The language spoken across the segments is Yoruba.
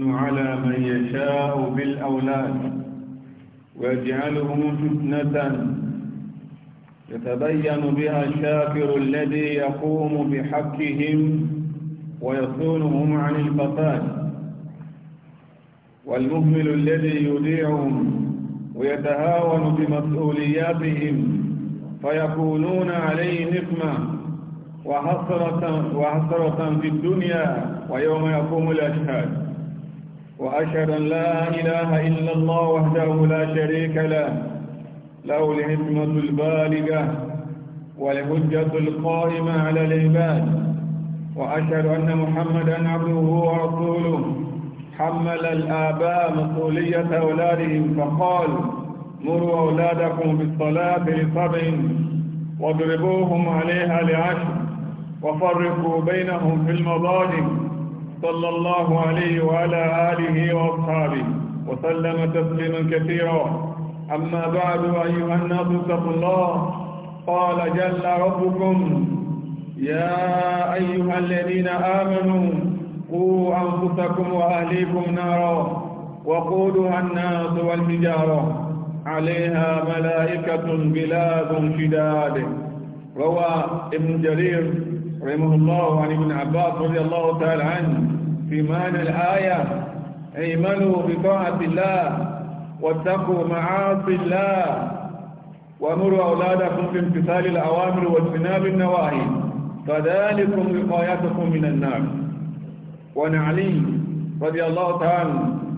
على من يشاء بالأولاد ويجعلهم فتنة يتبين بها الشاكر الذي يقوم بحقهم ويصونهم عن الفساد والمهمل الذي يذيعهم ويتهاون بمسؤولياتهم فيكونون عليه نقمة وحسرة, وحسرة في الدنيا ويوم يقوم الأشهاد وأشهد أن لا إله إلا الله وحده لا شريك له له الحكمة البالغة والحجة القائمة على العباد وأشهد أن محمدا عبده ورسوله حمل الآباء مسؤولية أولادهم فقال مروا أولادكم بالصلاة لسبع واضربوهم عليها لعشر وفرقوا بينهم في المظالم صلى الله عليه وعلى آله وأصحابه وسلم تسليما كثيرا أما بعد أيها الناس اتقوا الله قال جل ربكم يا أيها الذين آمنوا قوا أنفسكم وأهليكم نارا وقودها الناس والحجارة عليها ملائكة بلاد شداد روى ابن جرير رحمه الله عن ابن عباس رضي الله تعالى عنه في معنى الآية ايمنوا بطاعة الله واتقوا معاصي الله وامروا أولادكم بامتثال الأوامر واجتناب النواهي فذلكم وقايتكم من النار وعن علي رضي الله تعالى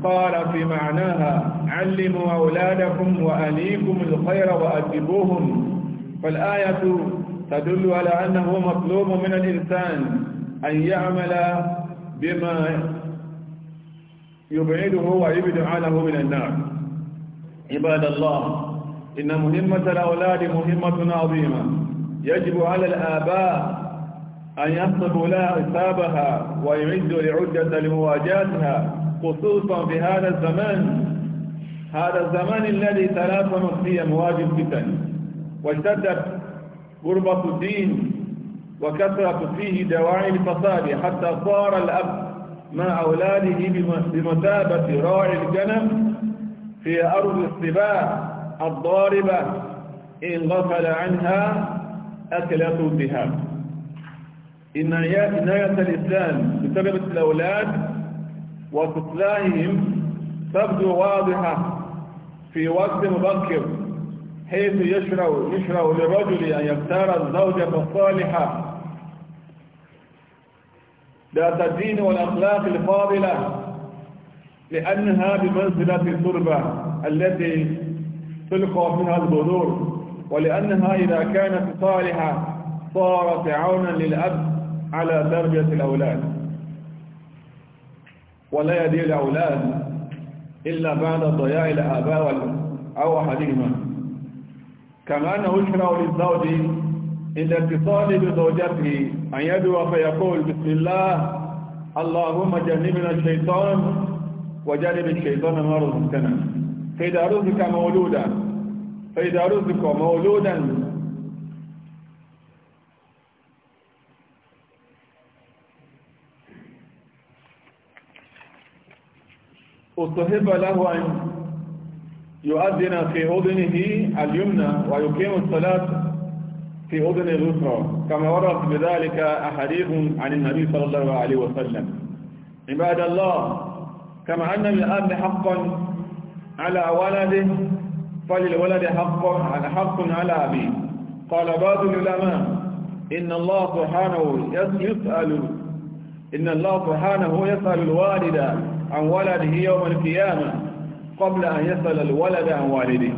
قال في معناها علموا أولادكم وأليكم الخير وأدبوهم فالآية تدل على أنه مطلوب من الإنسان أن يعمل بما يبعده ويبعد عنه من النار عباد الله إن مهمة الأولاد مهمة عظيمة يجب على الآباء أن يحسبوا لها حسابها ويعدوا لعدة لمواجهتها خصوصا في هذا الزمان هذا الزمان الذي تلاطمت فيه مواجب فتن واشتدت قربة الدين وكثرة فيه دواعي الفساد حتى صار الأب مع أولاده بمثابة راعي الجنم في أرض السباع الضاربة إن غفل عنها أكلة الذهاب إن عناية الإسلام بسبب الأولاد وإصلاحهم تبدو واضحة في وقت مبكر حيث يشرع يشرع للرجل أن يختار الزوجة الصالحة ذات الدين والأخلاق الفاضلة لأنها بمنزلة التربة التي تلقى منها البذور ولأنها إذا كانت صالحة صارت عونا للأب على تربية الأولاد ولا يدي الأولاد إلا بعد ضياع الآباء أو أحدهما كما أنه يشرع للزوج عند اتصال بزوجته أن يدعو فيقول بسم الله اللهم جنبنا الشيطان وجنب الشيطان ما رزقتنا فإذا رزق مولودا فإذا رزق مولودا أصحب له أن يؤذن في أذنه اليمنى ويقيم الصلاة في أذن اليسرى كما ورد بذلك أحاديث عن النبي صلى الله عليه وسلم عباد الله كما أن للأب حقا على ولده فللولد حق حق على أبيه قال بعض العلماء إن الله سبحانه يسأل إن الله سبحانه يسأل الوالد عن ولده يوم القيامة قبل أن يسأل الولد عن والده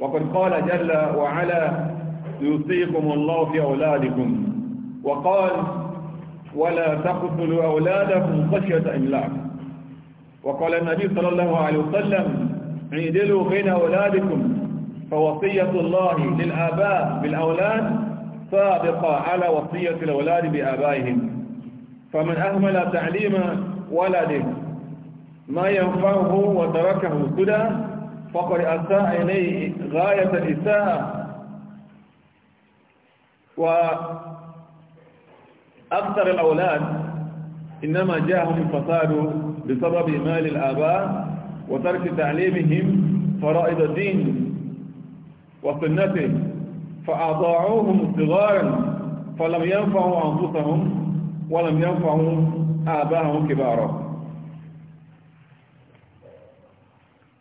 وقد قال جل وعلا يوصيكم الله في أولادكم وقال ولا تقتلوا أولادكم خشية إملاك وقال النبي صلى الله عليه وسلم عيدلوا بين أولادكم فوصية الله للآباء بالأولاد سابقة على وصية الأولاد بآبائهم فمن أهمل تعليم ولده ما ينفعه وتركه سدى فقد أساء إليه غاية الإساءة وأكثر الأولاد إنما جاءهم الفساد بسبب مال الآباء وترك تعليمهم فرائض الدين وسنته فأضاعوهم صغارا فلم ينفعوا أنفسهم ولم ينفعوا آباءهم كبارا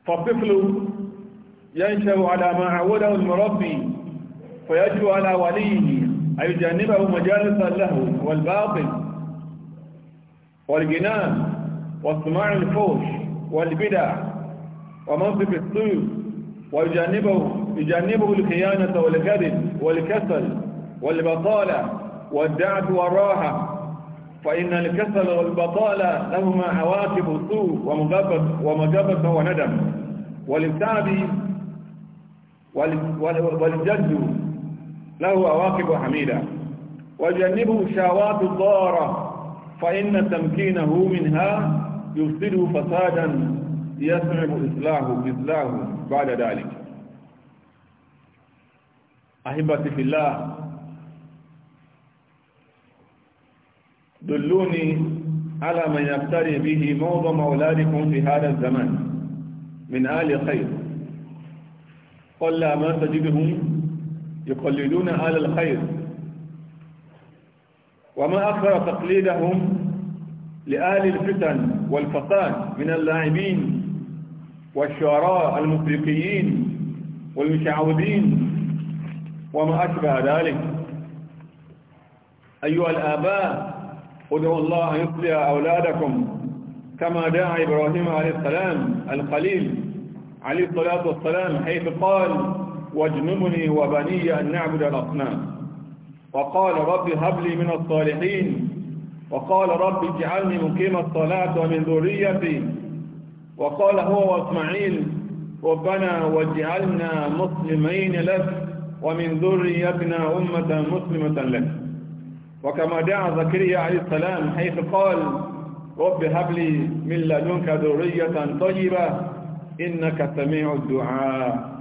فالطفل ينشأ على ما عوده المربي فيجب على وليه أن يجنبه مجالس اللهو والباطل والجنان وصماع الفوش والبدع ومنصب السوء ويجنبه يجنبه الخيانة والكذب والكسل والبطالة والدعب والراحة فإن الكسل والبطالة لهما عواقب سوء ومغبط وندم وللتعب والجد له عواقب حميدة وجنبه الشهوات الضارة فإن تمكينه منها يفسد فسادا يصعب إصلاحه إصلاحه بعد ذلك أحبتي في الله دلوني على من يقتري به معظم أولادكم في هذا الزمان من آل خير قل ما تجدهم يقلدون آل الخير وما أكثر تقليدهم لآل الفتن والفساد من اللاعبين والشعراء المفرقيين والمشعوذين وما أشبه ذلك أيها الآباء ادعوا الله يصلي أولادكم كما دعا إبراهيم عليه السلام القليل عليه الصلاة والسلام حيث قال واجنبني وبني أن نعبد الأصنام وقال رب هب لي من الصالحين وقال رب اجعلني مقيم الصلاة ومن ذريتي وقال هو واسماعيل ربنا واجعلنا مسلمين لك ومن ذريتنا أمة مسلمة لك وكما دعا زكريا عليه السلام حيث قال رب هب لي من لدنك ذرية طيبة إنك سميع الدعاء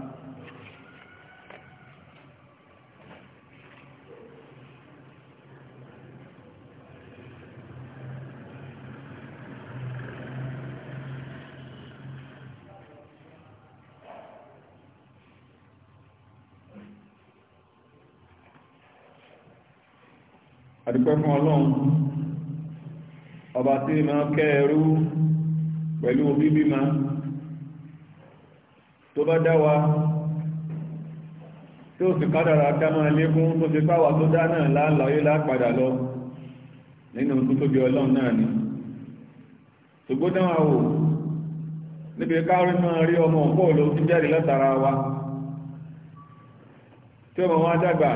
àdúpẹ́ fún ọlọ́run ọba tí ma kẹ́ ẹrú pẹ̀lú obibi ma tó bá dá wa tí ó sì kádàrà ká máa lékún tó fi tó dá náà láàláyé lápadà lọ nínú tó tóbi ọlọ́run náà ni ṣùgbọ́n náà níbi káàrí máa wa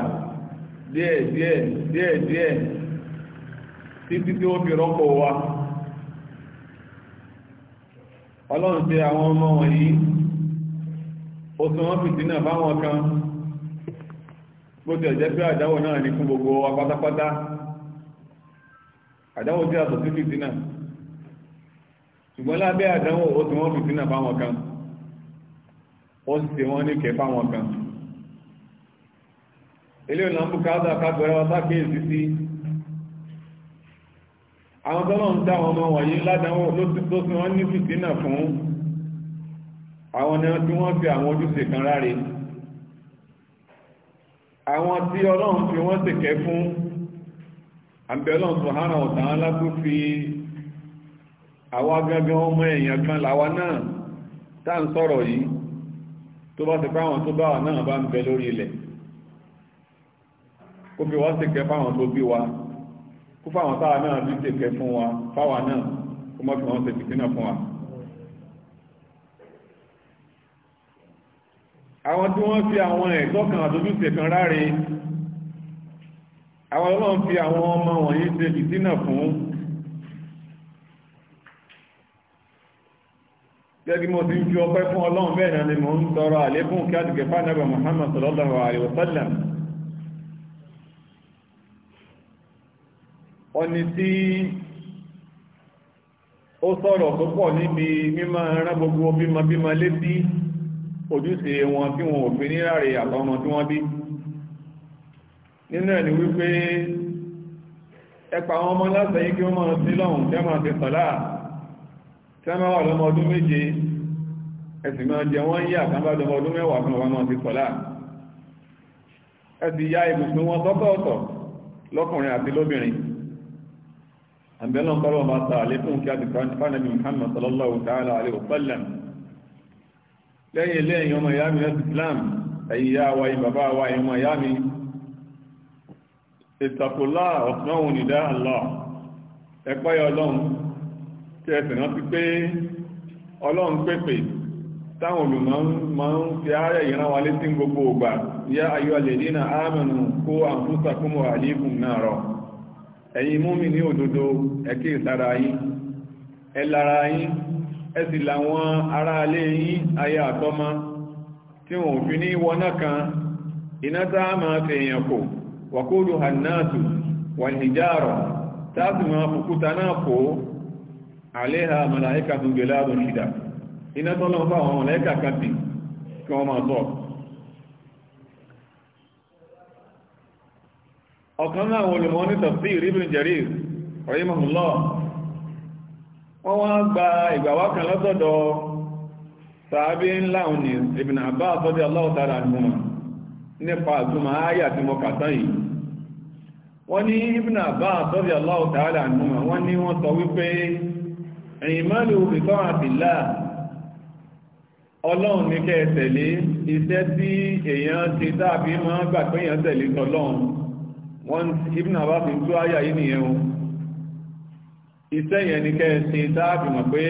díẹ̀ díẹ̀ díẹ̀ díẹ̀ títí tí ó fi rọ́pò wa ọlọ́run ṣe àwọn ọmọ wọ̀nyí ó tún wọ́n fìtínà fáwọn kan bó ti ẹ̀jẹ́ pé àdáwò náà ní fún gbogbo wa pátápátá àdáwò tí a sọ sí fìtínà ṣùgbọ́n lábẹ́ àdáwò ó tún wọ́n fìtínà fáwọn kan ó sì ṣe wọ́n ní kẹfà wọn kan ilé ọ̀nà ń bùkátà kagbẹ̀rẹ̀ ọ̀tá kéèsì sí àwọn tọ́lọ̀ ń dá àwọn ọmọ wọ̀nyí ládánwò ló sí wọ́n ní fìtínà fún àwọn ẹran tí wọ́n fi àwọn ojúṣe kan ráre àwọn tí ọlọ́run fi wọ́n ṣèkẹ́ fún àbí ọlọ́run subhanahu wa ta'ala kó fi àwa gangan ọmọ èèyàn kan làwa náà tá à ń sọ̀rọ̀ yìí tó bá ti pé àwọn tó bá wà náà bá ń bẹ lórí ilẹ̀ kó fi wá ṣèkẹ́ fáwọn tó bí wa kó fáwọn táwa náà bí ṣèkẹ́ fún wa fáwa náà kó má fi wọ́n ṣe fìtínà fún wa. àwọn tí wọ́n fi àwọn ẹ̀tọ́ kan àtòjúṣe kan ráre àwọn ọlọ́run fi àwọn ọmọ wọ̀nyí ṣe fìtínà fún gẹ́gẹ́ mo ti ń fi ọpẹ́ fún ọlọ́run bẹ́ẹ̀ náà ni mo ń tọrọ àlékún kí á ti gẹ̀fà nàbà Muhammad sallallahu alaihi wa sallam ọni tí ó sọ̀rọ̀ tó pọ̀ níbi mímọ̀ rán gbogbo bímọ bímọ létí ojúṣe wọn tí wọn ò fi ní ráre àtọmọ tí wọ́n bí nínú ẹni wípé ẹpa àwọn ọmọ láti yí kí wọ́n máa sí lọ́hùn tí wọ́n máa ti sọ̀lá tí wọ́n máa wà lọ́mọ ọdún méje ẹ̀sìn máa jẹ wọ́n yà tán ọdún mẹ́wàá fún ọmọ ti sọ̀lá ẹ̀sìn ya ibùsùn wọn sọ́tọ̀ọ̀tọ̀ lọ́kùnrin àti lóbìnrin àbẹ̀lọ́n kọ́lọ̀ bá ta àlékún kí a ti fánàbí Muhammad sallallahu ta'ala alaihi wasallam lẹ́yìn lẹ́yìn ọmọ ìyá mi láti Islam ẹ̀yìn ya wa yìí bàbá wa yìí ọmọ ìyá mi ìtàkùlá ọ̀sánwò nìdá Allah ẹ̀pẹ́ ọlọ́run tí ẹ sẹ̀nà ti pé ọlọ́run pépè táwọn olùmọ̀ máa ń fi ààrẹ ìran wa létí gbogbo ògbà yá ayọ́ àlèdínà ámànù kó àǹfúsàkúmọ̀ àlékún náà rọ̀ eyi múmi ní òdodo ẹ̀kí ìsára ẹ lára ẹ làwọn ará alé yín aya àtọ́mọ́ tí wọ́n fi ní wọná kan iná táà máa fi èèyàn kò wàkóòdù hannáàtù wàlìjáàrọ̀ táàtù máa fòkúta náà kò àléhà màláíkà tó gẹ̀láàdùn ṣìdá iná tọ́lọ́ fáwọn màláíkà ọ̀kan náà wọ́n lè mọ́ ní tafsir Ibn Jarir wọ́n wá gba ìgbàwá kan lọ́sọ̀dọ̀ sàábí ńlá òní Ibn Abbas radiyallahu ta'ala anhuma nípa àtúmọ̀ ayà tí yìí wọ́n ní Ibn bá radiyallahu ta'ala wọ́n wípé wọ́n ibùn àbá fi tó àyà yìí nìyẹn o iṣẹ́ yẹn ni kẹ́ẹ̀sì táàbì mọ̀ pé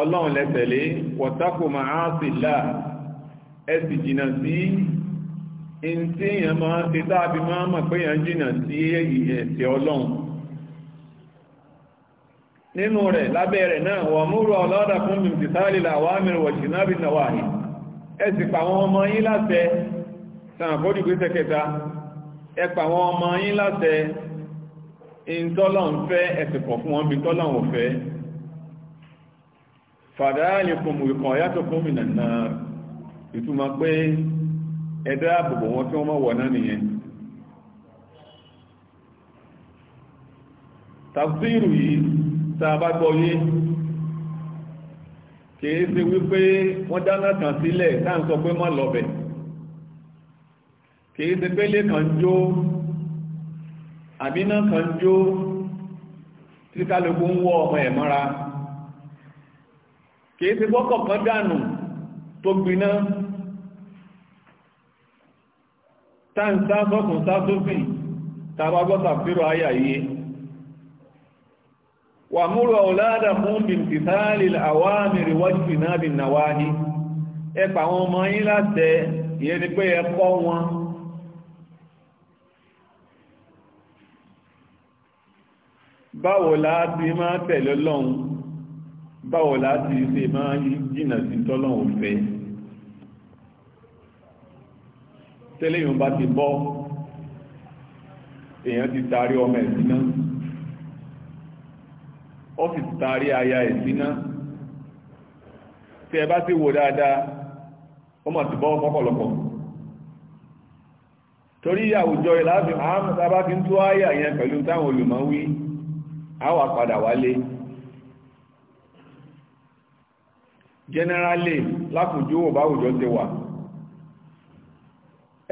ọlọ́run lẹ́tẹ̀lé wọ̀tákò máa sì là ẹ sì jìnà sí in tí èèyàn máa ṣe táàbì máa mọ̀ pé èèyàn jìnà sí ẹ̀sẹ̀ ọlọ́run nínú rẹ̀ lábẹ́ rẹ̀ náà wà múrù ọlọ́dà fún mi ti sáàlì làwọ́ àmìrì wọ̀ṣì náà bí náà wà ní ẹ sì pa àwọn ọmọ yín sàn àkójù gbé sẹ́kẹta ẹ pa àwọn ọmọ yín láṣẹ ìntọ́lọ̀ ń fẹ́ ẹ̀sìnkọ̀ fún wọn bí tọ́lọ̀ ò fẹ́ fàdáàlìkùn ìkan yàtọ̀ fún ìnànà ìtumọ̀ pé ẹ̀dá àbùbọ̀ wọn tí wọ́n mọ̀ wọ̀ náà nìyẹn tàbíìrù yìí tàbá gbọ́yé kìí ṣe wípé wọ́n dáná kan sílẹ̀ táà ń sọ pé mọ́ lọ́bẹ̀ẹ́ kìí ṣe pélé kan jó àbínà kan jó tí kálukú ń wọ́ ọmọ ẹ̀ mọ́ra kìí ṣe bọ́kọ̀ kan dànù tó gbiná táǹsá sọ́kùn sátófì tàbá gbọ́ta fírò ayà yìí wà múrò ọ̀láàdà fún bìntìtàlì àwámìrì wájúfì náà bìnnàwáhí ẹ pa àwọn ọmọ yín láti ìyẹn ni pé wọn báwo láti máa tẹ̀lé ọlọ́run báwo láti ṣe máa jìnà sí tọ́lọ́run òfẹ́ tẹ́lẹ̀ yóò bá ti bọ́ èèyàn ti taari ọmọ ẹ̀síná ó sì taari aya ẹ̀síná tí ẹ bá ti wò dáadáa ó mà ti bọ́ pọ́pọ̀lọpọ̀ torí àwùjọ ìlàáfíà àmì tàbá fi ń tó àyà yẹn pẹ̀lú táwọn olùmọ̀ wí a wà padà wálé generally lákòójú ò báwùjọ ti wà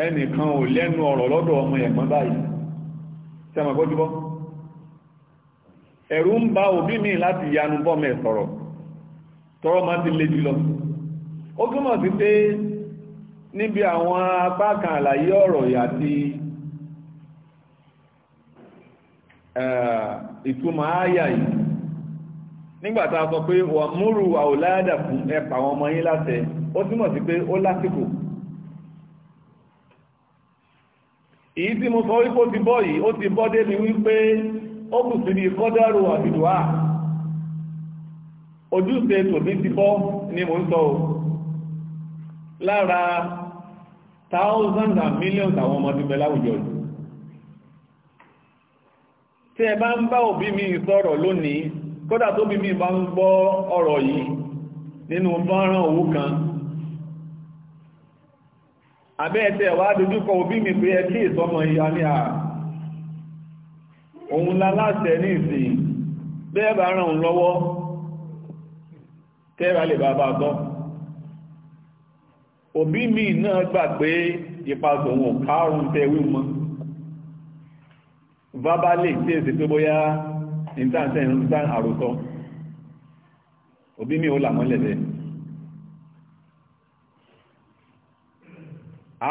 ẹnìkan ò lẹ́nu ọ̀rọ̀ lọ́dọ̀ ọmọ ẹ̀gbọ́n báyìí tí a mọ̀kọ́ jùbọ́ ẹ̀rù ń bá òbí mi láti yanu bọ́mẹ̀ sọ̀rọ̀ tọrọ máa ti le jùlọ ó túnmọ̀ sí pé níbi àwọn apá kan àlàyé ọ̀rọ̀ ìtumọ̀ ááyà yìí nígbàtà sọ pé wà múrù àwòláyàdà fún ẹpa àwọn ọmọ yín láṣẹ ó túmọ̀ sí pé ó lásìkò èyí tí mo sọ wípé ó ti bọ́ yìí ó ti bọ́ débi wípé ó kù síbi kọ́dárò àbìdùá ojúṣe tòbí ti bọ́ ni mo ń sọ o lára thousands and millions àwọn ọmọdé bẹ láwùjọ yìí tí ẹ bá ń bá òbí mi sọ̀rọ̀ lónìí kódà tó bí mi bá ń gbọ́ ọ̀rọ̀ yìí nínú fọ́nrán òwú kan àbẹ́ ẹ̀tẹ́ wà dojúkọ òbí mi pé ẹkí ìsọmọ ìyá ní àà òun láláṣẹ ní ìsìn bẹ́ẹ̀bà ràn òun lọ́wọ́ kẹ́ẹ̀bà lè bàbá tọ́ òbí mi náà gbà pé ipa ò kárùn-ún tẹ́wí mọ́ verbally tí èsì pé bóyá intanṣẹ́ ìrìnsán àròsọ òbí mi ò làmọ́lẹ̀ bẹ́ẹ̀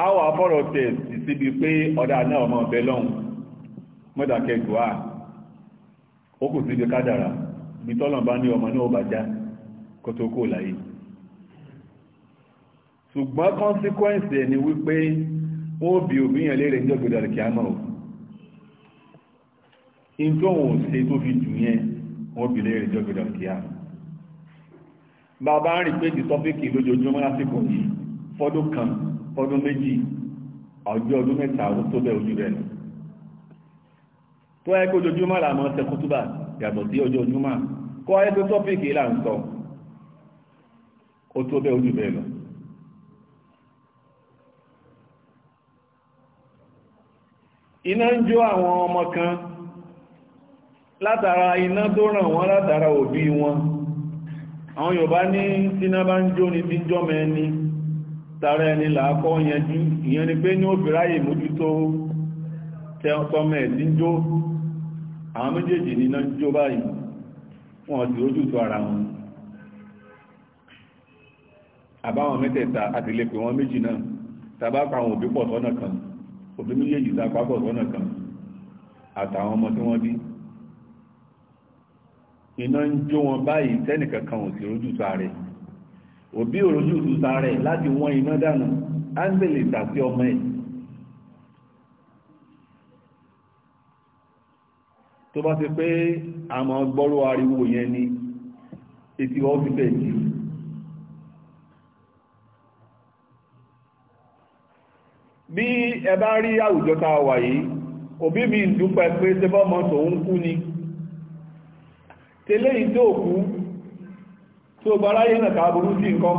àwọ̀ afọ́rọ̀ tẹ̀ síbi pé ọ̀dà náà ọmọ ọ̀bẹ lọ́hùn mọ́dàkẹ́ gbòá ó kù síbi kádàrà ní ọmọ náà bàjá kó tó kó láyé ṣùgbọ́n ẹ̀ ni wípé wọ́n bí òbí yẹn in tó wọ́n ṣe tó fi jù yẹn wọ́n bèèrè rẹ̀ jọ́gbẹ̀dọ̀ kíá bàbá rìn pé di tọ́pìkì lójoojúmọ́ lásìkò yìí fọ́dún kan fọ́dún méjì ọjọ́ ọdún mẹ́ta ó tó bẹ̀ ojú rẹ̀ lọ tó ẹ́ kó ojoojúmọ́ làmọ́ ṣe kútúbà yàtọ̀ sí ọjọ́ ojúmọ́ kọ́ ẹ́ tó tọ́pìkì là ń sọ ó tó bẹ̀ ojú rẹ̀ lọ iná ń jó àwọn ọmọ kan látara iná tó ràn wọ́n látara òbí wọn àwọn Yorùbá ní tíná bá ń jó ní tíjọ́mọ ẹni tara ẹni làákọ́ yanjú ìyẹn ni pé ní ó fìráyè mójútó tọ́mọ ẹ̀ tíjó àwọn méjèèjì níná jó báyìí wọn ti rójú tó ara wọn àbáwọn mẹ́tẹ̀ẹ̀ta àti lè pè wọ́n méjì náà tàbápa àwọn òbí pọ̀ sọ́nà kan òbí méjèèjì tàbápọ̀ sọ́nà kan àtàwọn ọmọ tí wọ́n bí iná ń jó wọn báyìí tẹ́nìkankan ò sí rójú sáré òbí òrójú tú sáré láti wọ́n iná dànù áńgẹ̀lì tàbí ọmọ ẹ̀ tó bá ti pé àmọ́ gbọ́rọ̀ ariwo yẹn ni etí wọ́n fi bẹ̀ jù bí ẹ bá rí àwùjọ tá a wà yìí òbí mi dúpẹ́ pé ṣe bọ́ tòun kú ni tẹ́lẹ̀ ìtò òkú tí ó gbáráyé náà káàbùrú sí nǹkan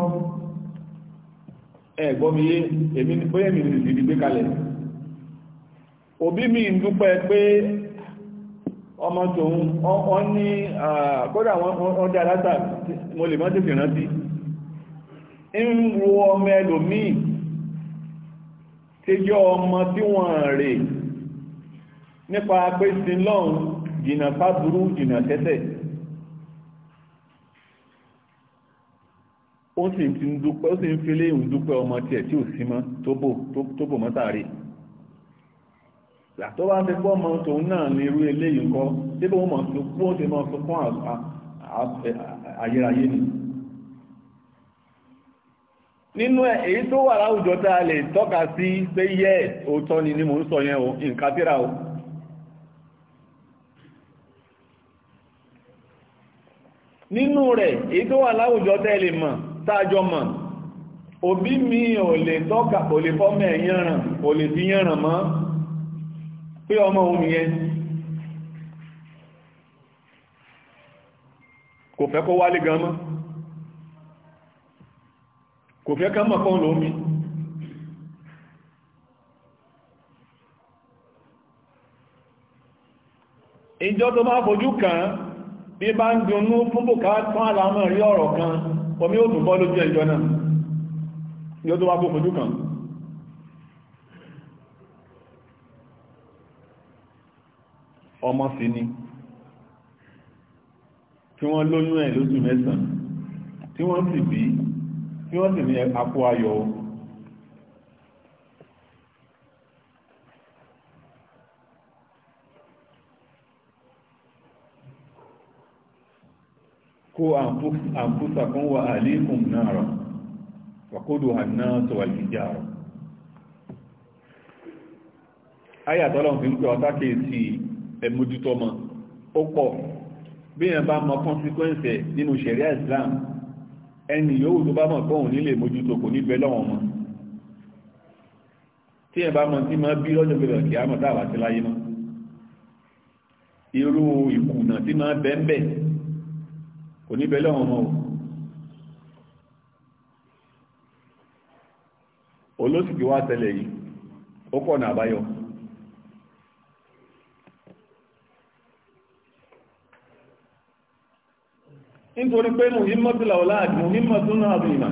ẹ̀gbọ́miyé èmi ní pẹ́yẹ̀mì ìrìnlẹ̀ gbé kalẹ̀ òbí mi ń dúpẹ́ pé ọmọ tòun ọ ní kódà wọ́n dá látà mo lè mọ́tò fi rántí ń wo ọmọ ẹlòmíì tẹjọ́ ọmọ tí wọ́n rè nípa pé jìnà jìnà ó sì ń dúpẹ́ ó sì ń fi dúpẹ́ ọmọ tiẹ̀ tí ò sí mọ́ tó bò tó bá ti pọ́ ọmọ tòun náà ní irú eléyìí kọ́ tí bó mọ̀ tó ó ti ayérayé ni nínú èyí tó wà láwùjọ tá tọ́ka sí pé òótọ́ ni ń sọ yẹn o nǹkan tíra o nínú rẹ̀ èyí tó wà láwùjọ mọ̀ tájọ mọ̀ òbí mi ò lè tọ́ka kò lè fọ́mọ̀ ẹ̀yànràn lè fi yànràn mọ́ pé ọmọ òun yẹn kò fẹ́ kó wálé gan mọ́ kò fẹ́ ká mọ̀ kán lómi ìjọ tó bá fojú kan bí bá ń dunnú fún bùkátán ọ̀rọ̀ kan omi ó tún bọ́ lójú ẹjọ́ náà ni ó tó wá gbófojú kan ọmọ sí ni tí wọ́n lóyún ẹ̀ lóṣù mẹ́sàn tí wọ́n sì bí tí wọ́n sì ní àpò ayọ̀ kó àǹfúsàkún wa àlékún náàrọ̀ wàkódò hàná sọ̀wà ìjà rọ̀ ayàtọ́lọ̀ fi ń pẹ́ ọ̀tá kéèsì ẹmójútọ́mọ ó pọ̀ bí yẹn bá mọ consequence nínú ṣẹ̀ríà Islam ẹni yòówù tó bá mọ̀ kóhùn nílé mójútó kò ní bẹ lọ́wọ́n mọ́ tí yẹn bá mọ tí mọ́ bí lọ́jọ́ bẹ̀rẹ̀ kìá mọ̀ táwà sí láyé mọ́ irú ìkùnà tí mọ́ bẹ́ẹ̀ bẹ́ẹ̀ kò ní bẹ̀lẹ̀ ọmọ o olóṣìkí wá tẹ́lẹ̀ yìí ó pọ̀ ní àbáyọ nítorí pé mú himmọ́túlà ọláàdì mú himmọ́túnà àbìmà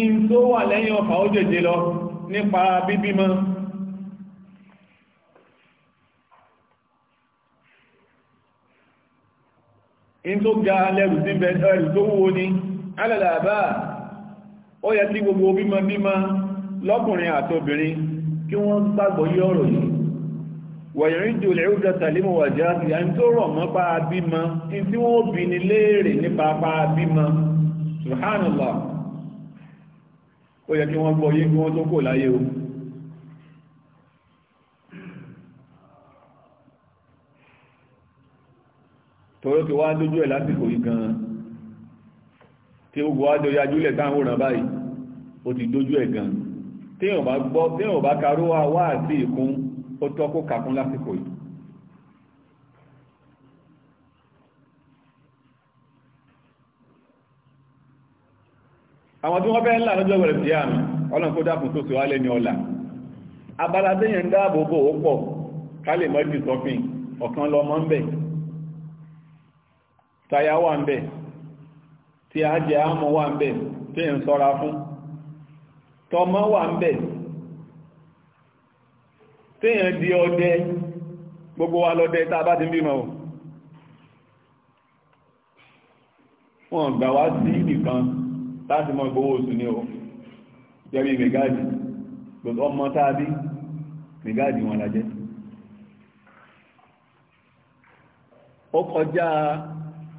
in tó wà lẹ́yìn ọfà ó jẹjẹ lọ nípa bíbímọ́ in tó ga lẹ́rù sí ẹ̀rù tó wúwo ni alẹ́lẹ́bà ó yẹ tí gbogbo bímọ bímọ lọ́kùnrin àtobìnrin kí wọ́n gbàgbọ́ yí ọ̀rọ̀ yìí wọ̀nyẹ̀rin jù lẹ́rù dẹ̀tà límọ̀ wàjá ìyàn tó rọ̀ mọ́ tọ́rọ ti wá dójú ẹ̀ lásìkò yìí gan-an tí ó gbọ́ adórí ajúlẹ̀ táwọn òràn báyìí ó ti dójú ẹ̀ gan-an téèyàn bá gbọ́ téèyàn bá karó wá wá àti ìkún ó tọ́ kó kàkún lásìkò yìí àwọn tí wọ́n fẹ́ ńlá lọ́jọ́ wẹ̀rẹ̀ sí àmì ọlọ́run kó dákun tó sì wálé ní ọlà abala téèyàn ń dáàbò bò ó pọ̀ ká lè mọ́ ìdí sọ́fìn ọ̀kan lọ mọ́ ń bẹ̀ táyà wà ń bẹ̀ tí a jẹ àmọ́ wà ń bẹ̀ tí èyàn sọ́ra fún tọmọ wà ń bẹ̀ tí èyàn di ọdẹ gbogbo wa lọ́dẹ tá a bá ti bímọ wọn gbà wá sí nìkan láti mọ gbowó oṣù ní o jẹ́bí mẹ́gáàdì gbogbo ọmọ tàbí mẹ́gáàdì wọn lájẹ́ ó kọjá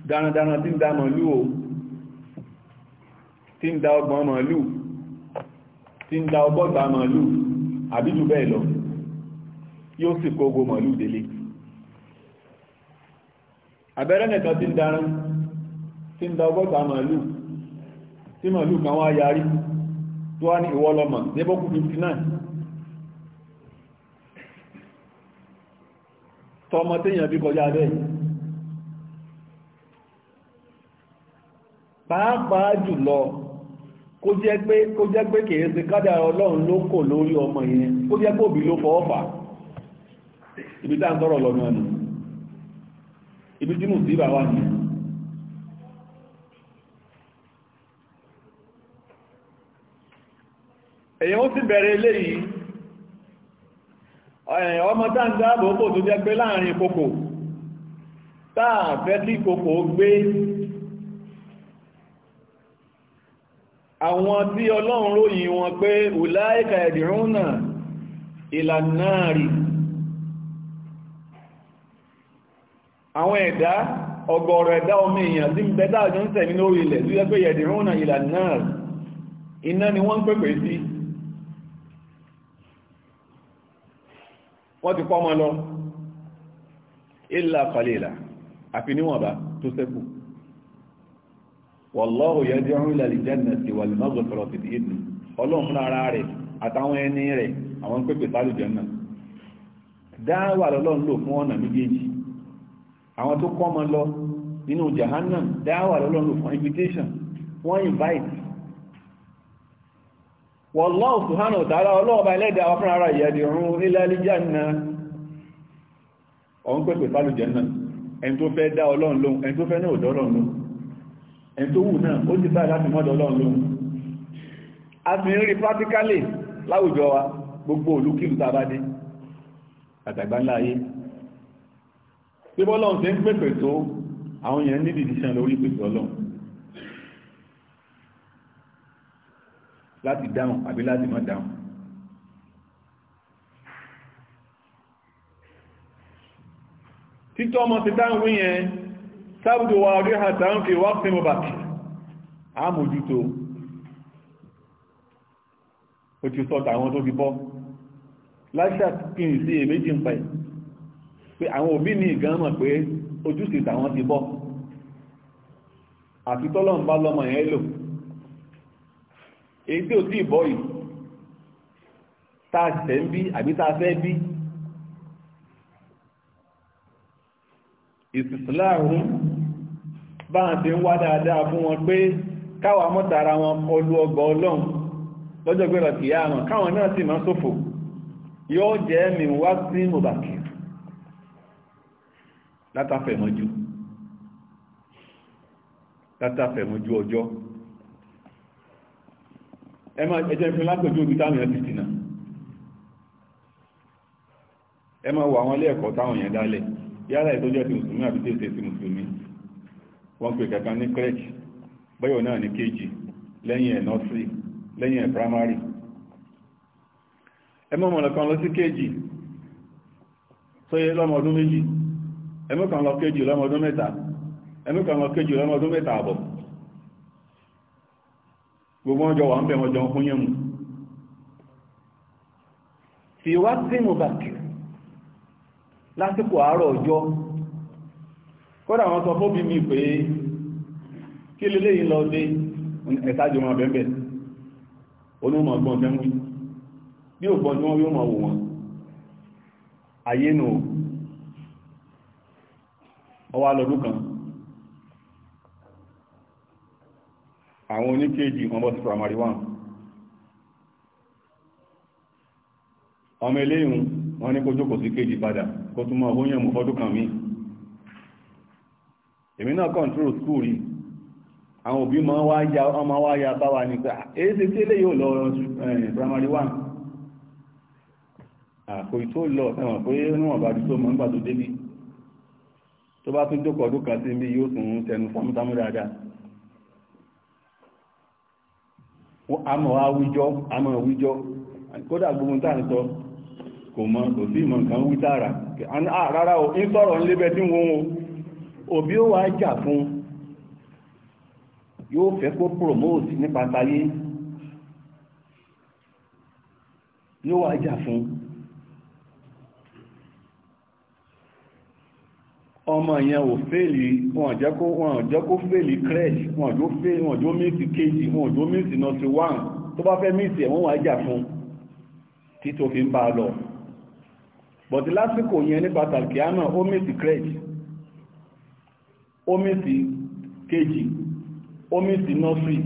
darandaran tí ń dá mọ̀lú o tí ń dá ọgbọ̀n mọ̀lú tí ń dá ọgọ́ta mọ̀lú àbí jù bẹ́ẹ̀ lọ yóò sì kógo mọ̀lú délé abẹ́rẹ́ nìkan tí ń daran tí ń dá ọgọ́ta mọ̀lú tí mọ̀lú kan wá yarí tó wá ní ìwọ́lọ́mọ̀ débókù 59 tọmọ téèyàn bí kọjá bẹ́ẹ̀ pàápàá jùlọ kó jẹ́ pé kó jẹ́ pé kìí ṣe kádàrá ọlọ́run ló kò lórí ọmọ yẹn kó jẹ́ pé òbí ló fọwọ́ fà ibi tá ń tọrọ lọ náà nù ibi tí mo sì bá wà nìyẹn èyí ó sì bẹ̀rẹ̀ eléyìí ọmọ tá ń dáàbò kò tó jẹ́ pé láàrin kòkò táà fẹ́ tí kòkò gbé àwọn tí ọlọ́run ròyìn wọn pé ùláìkà ẹ̀dìrúnà ìlànàárì àwọn ẹ̀dá ọgọ̀rọ̀ ẹ̀dá ọmọ èèyàn tí ń bẹ́dá àjọ ń tẹ̀mí lórí ilẹ̀ tó yẹ pé ẹ̀dìrúnà ìlànàárì iná ni wọ́n ń pèpè sí wọ́n ti pọ́ mọ́ lọ ìlà kọlẹ̀ tó sẹ́kù wọ́lọ́hù yẹjọ́ ìlà ìjẹ́nà ti wà lè mọ́gbọ̀n sọ̀rọ̀ ti dìídì ọlọ́run fún ara rẹ̀ àtàwọn ẹni rẹ̀ àwọn pépè sálù jẹ́nà dáwà lọ́lọ́run lò fún ọ̀nà méjèèjì àwọn tó kọ́ mọ lọ nínú jahannam dáwà lọ́lọ́run lò fún invitation wọ́n invite ara ìjẹ́nà jẹ́nà ẹni tó fẹ́ dá ọlọ́run lóhun ẹni tó fẹ́ ẹni tó wù náà ó ti báyìí láti mọ́dọ̀ ọlọ́run lóhun a sì ń rí practically láwùjọ wa gbogbo olúkìlù tá a bá dé àtàgbà ńlá ayé pé bọ́lọ́run ṣe ń pèpè tó àwọn èèyàn ní dìdíṣàn lórí pèpè ọlọ́run láti dáhùn àbí láti má dáhùn títọ́ ọmọ ti dáhùn wí yẹn tábùdó wa rí àtà ń fi wá sí mọ́ bàtì àmójútó o ti sọ tàwọn tó fi bọ́ láṣà kí n sí èméjì ń pẹ̀ pé àwọn òbí ní ìgán mọ̀ pé ojúṣe tàwọn ti bọ́ àti tọ́lọ̀ ń bá lọ́mọ yẹn lò èyí tí ò tí ìbọ́ yìí tá a tẹ̀ ń bí àbí tá a fẹ́ bí ìsìsìláàrùn báhàndé ń wá dáadáa fún wọn pé káwà mọ́tara wọn ọlú ọgbà ọlọ́run lọ́jọ́ gbẹ́rọ̀ kì yá wọn káwọn náà sì máa sófò yóò jẹ́ mi wá sí mọ̀bàkì látàfẹ̀mọ́jú látàfẹ̀mọ́jú ọjọ́ ẹjẹ́ ìfẹ́ látọ̀jú omi táwọn èèyàn fìtìnà ẹ máa wọ àwọn ilé táwọn èèyàn dálẹ̀ yálà ìtọ́jọ́ ti mùsùlùmí àbí tí ó ṣe ti mùsùlùmí wọ́n pè kankan ní crèche bẹ́yọ̀ náà ní kéjì lẹ́yìn ẹ̀ nọ́sírì lẹ́yìn ẹ̀ primary ẹ mọ́ mọ̀lẹ̀ kan lọ sí kéjì sóyé lọ́mọdún méjì ẹ mọ́ kan lọ kéjì lọ́mọdún mẹ́ta ẹ mọ́ kan lọ kéjì lọ́mọdún mẹ́ta àbọ̀ gbogbo ọjọ́ wà ń bẹ̀ ọjọ́ fún yẹn mu fi wá sí mo bàkì lásìkò àárọ̀ ọjọ́ kódà wọn sọ fóbi mi pé kí lélẹ́ yìí lọ dé ẹ̀sájú wọn bẹ́ẹ̀ onímọ̀ ọgbọ́n tẹ́ ń wí bí ò gbọ́n tí wọ́n yóò mọ̀ wò wọn ayé nù ọwá lọ́dún kan àwọn oníkéjì wọn bọ́ sí primary one ọmọ eléyìn wọn ní kó sí kéjì padà kó túnmọ̀ ó yẹ̀mù fọ́dún kan míì èmi náà control school rí àwọn òbí máa wá ya ọmọ wá ya bá wa ní pé ah, èéṣe tí lọ eh, primary one àpò lọ ẹ̀wọ̀n pé níwọ̀n bá dúró mọ́ nígbà tó tó bá tún jókòó ọdún sí ibi yóò tún tẹnu fọ́nmú támú dáadáa kódà gbogbo tá à ń sọ kò mọ kò sí ìmọ̀ nǹkan ah, rárá o ń sọ̀rọ̀ òbí ó wá jà fún yóò fẹ́ kó promote nípa tayé yóò wá jà fún ọmọ yẹn ò fèèlì wọn jẹ́ kó wọn jẹ́ kó fèèlì crèche wọn jọ fèèlì wọn jọ míìsì kejì wọn jọ míìsì nọ́ọ̀sì one tó bá fẹ́ míìsì ẹ̀ wọ́n wá jà fún títò fi ń bá a lọ bọ̀dí lásìkò yẹn nípa tàbí àmà ó míìsì crèche omi sí kejì omi sí nursery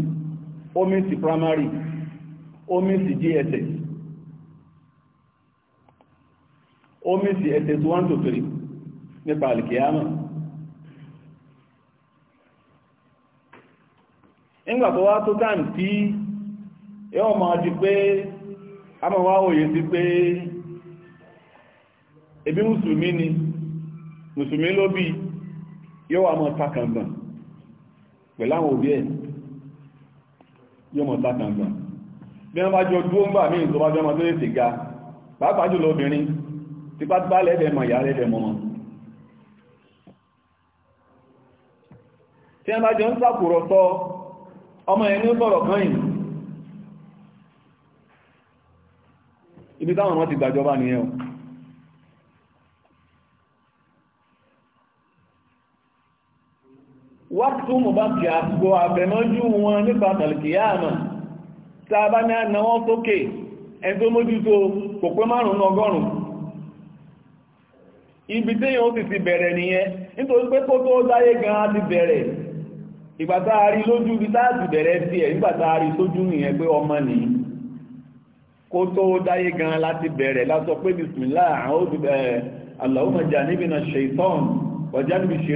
omi sí primary omi sí JSS omi sí SS 1 to 3 nípa alìkìyàmà nígbà tó wá tó táìmù tí yóò máa di pé a máa wá òye sí pé ebi musulmi ni musulmi ló bíi yóò wà mọ́ takàngbà pẹ̀lú àwọn òbí ẹ̀ yóò mọ́ takàngbà bí wọ́n bá jọ dúó ń gbà mí ìtọ́bá jọ ọmọ tó lè sìgá pàápàá jùlọ obìnrin tipátipá lẹ́ẹ̀dẹ̀ mọ̀ ìyá lẹ́ẹ̀dẹ̀ mọ́ tí wọ́n bá jọ ń sàkùrọ̀ sọ ọmọ ẹni sọ̀rọ̀ kan yìí ibi táwọn ọmọ ti gbàjọba nìyẹn o wákìtí mọ̀ bá kì àgbò àfẹ̀mọ́jú wọn nípa tàlìkìyà àmà tí a bá ní ànáwọ́ sókè ẹn tó mójú tó kò pé márùn-ún ọgọ́rùn ibi tí yíò sì ti bẹ̀rẹ̀ nìyẹn nítorí pé kó tó dáyé gan á ti bẹ̀rẹ̀ ìgbàtàárí lójú bí táàtì bẹ̀rẹ̀ sí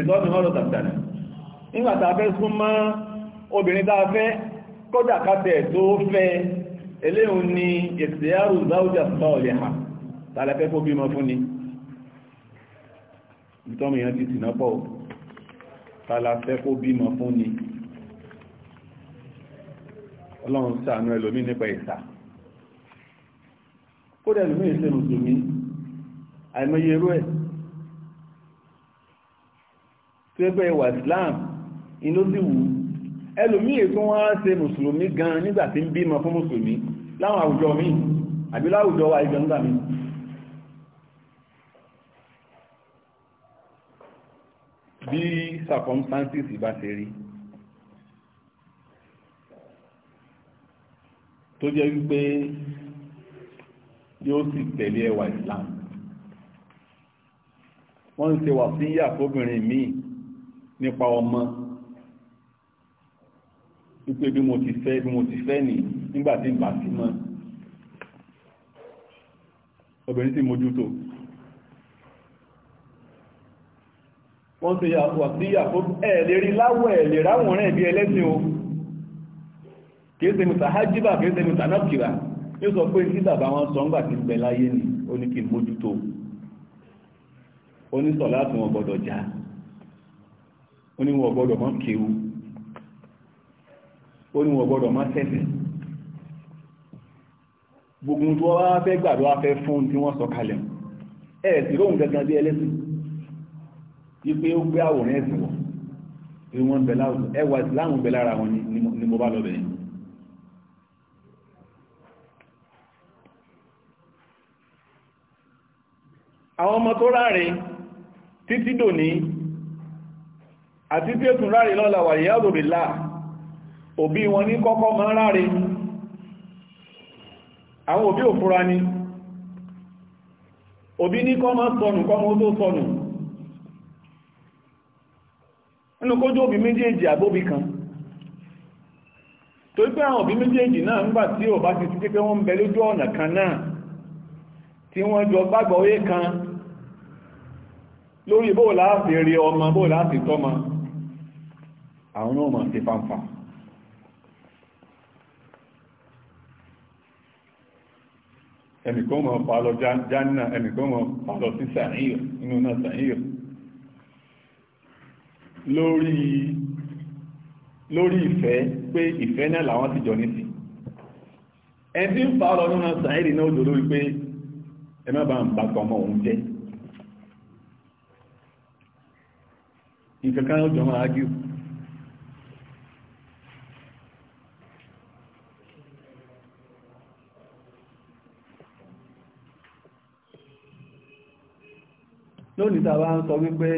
ọ̀rọ̀ eh, tàbí nígbàtà fẹ́ sún mọ́ obìnrin tá a fẹ́ kódà kátẹ̀ tó fẹ́ eléhùn ni ìsìyàrù záújà sọ́ọ̀lẹ̀ ha tààlẹ́fẹ́ kó bímọ fún ni ìtọ́mù èèyàn ti sìnà pọ̀ tààlẹ́fẹ́ kó bímọ fún ni ọlọ́run ṣàánú ẹlòmí nípa ìsà kódà ẹlòmí ìṣẹ́ Islam inú sì wù ẹlòmíì tó wọ́n á ṣe mùsùlùmí gan nígbà tí ń bímọ fún mùsùlùmí láwọn àwùjọ mi àbí láwùjọ wa ìjọ nígbà mi bí circumstances bá ṣe rí tó jẹ́ wípé yóò sì tẹ̀lé ẹwà Islam wọ́n ń ṣe wà síyà fóbìnrin míì nípa ọmọ wípé bí mo ti fẹ́ bí mo ti fẹ́ nì nígbà tí ìgbà sí mọ́ obìnrin sì mójútó wọ́n ti yàtọ̀ sí yàtọ̀ ẹ̀lérí láwọ̀ ẹ̀lẹ̀ ráwọ̀nrẹ́ ìbí ẹlẹ́sìn o kìí ṣe mùsà hajjiba kìí ṣe mùsà nápkìrà yóò sọ pé ní bàbá wọn sọ ńgbà tí bẹ láyé ni ó ní kí n mójútó onísọ̀ láti wọn gbọ́dọ̀ já oníwọ̀n gbọ́dọ̀ mọ́ kéwu ó ní wọ́n gbọ́dọ̀ máa tẹ́sẹ̀ gbogbo tó wá fẹ́ gbàdọ́ afẹ́ fún tí wọ́n sọ kalẹ̀ ẹ̀ sì róhùn gangan bí ẹlẹ́sìn wípé ó gbé àwòrán ẹ̀sìn wọ̀ pé wọ́n bẹ ẹwà ìsìláàmù bẹ lára wọn ni mo bá lọ bẹ̀rẹ̀ àwọn ọmọ tó ráre títí dòní àti tí ètùn ráre lọ́la wà ìyá òbòbè láà òbí wọn ní kọ́kọ́ máa ráre àwọn òbí òfúra ni òbí ní kọ́ máa sọnù kọ́mọ tó sọnù nínú òbí méjèèjì àbóbí kan tó pé àwọn òbí méjèèjì náà nígbà tí ò bá ti sí pé wọ́n ń bẹ lójú ọ̀nà kan náà tí wọ́n jọ gbàgbọ́ oyé kan lórí bóòlá àti rí ọmọ bóòlá àti tọ́mọ àwọn náà máa ṣe ẹnìkan mọ̀ pa lọ jánà ẹnìkan mọ̀ pa lọ sí sàáyìr inú náà sàáyìr lórí lórí ìfẹ́ pé ìfẹ́ náà làwọn ti jọ ní sí ẹni ń fa ọ̀rọ̀ náà sàáyìr náà jò lórí pé ẹ má bá ń bá tọmọ òun jẹ́ nǹkan ó jọ máa ágìrì lónìí tàbá ń sọ wípé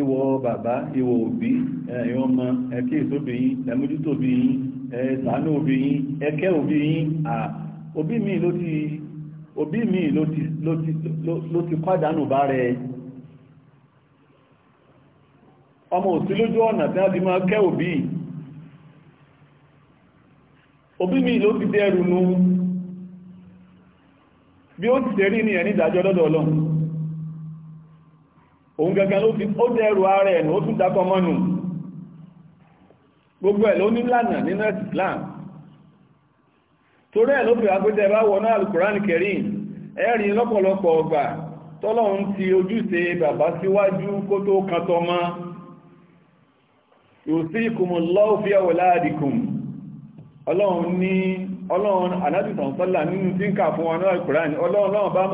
ìwọ bàbá ìwọ òbí ẹ̀yin ọmọ ẹ̀kẹ́ ìsóbi yín ẹ̀mójútó òbí yín ẹ̀sánú òbí ẹ̀kẹ́ òbí yín à òbí mi ló ti òbí mi ló ti pàdánù bá rẹ̀ ọmọ òsí lójú ọ̀nà tí a ti máa kẹ́ òbí òbí mi ló ti dẹrù nú bí ó ti tẹ̀rí ní ẹni ìdájọ́ lọ́dọ̀ ọlọ́run òun gẹ́gẹ́ ló fi ó dẹ̀rù ara ẹ̀ ó tún dákọ mọ́nù gbogbo ẹ̀ ló ní lànà Islam torí ẹ̀ ló fi àpẹtẹ bá wọnú alukuran kẹrin ẹ̀rin lọ́pọ̀lọpọ̀ ọgbà tọ́lọ́run ti ojúṣe bàbá síwájú kó tó kan tọmọ ọlọ́run ní ọlọ́run sọ́là nínú tí fún wọn náà ọlọ́run bá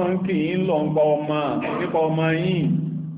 máa ń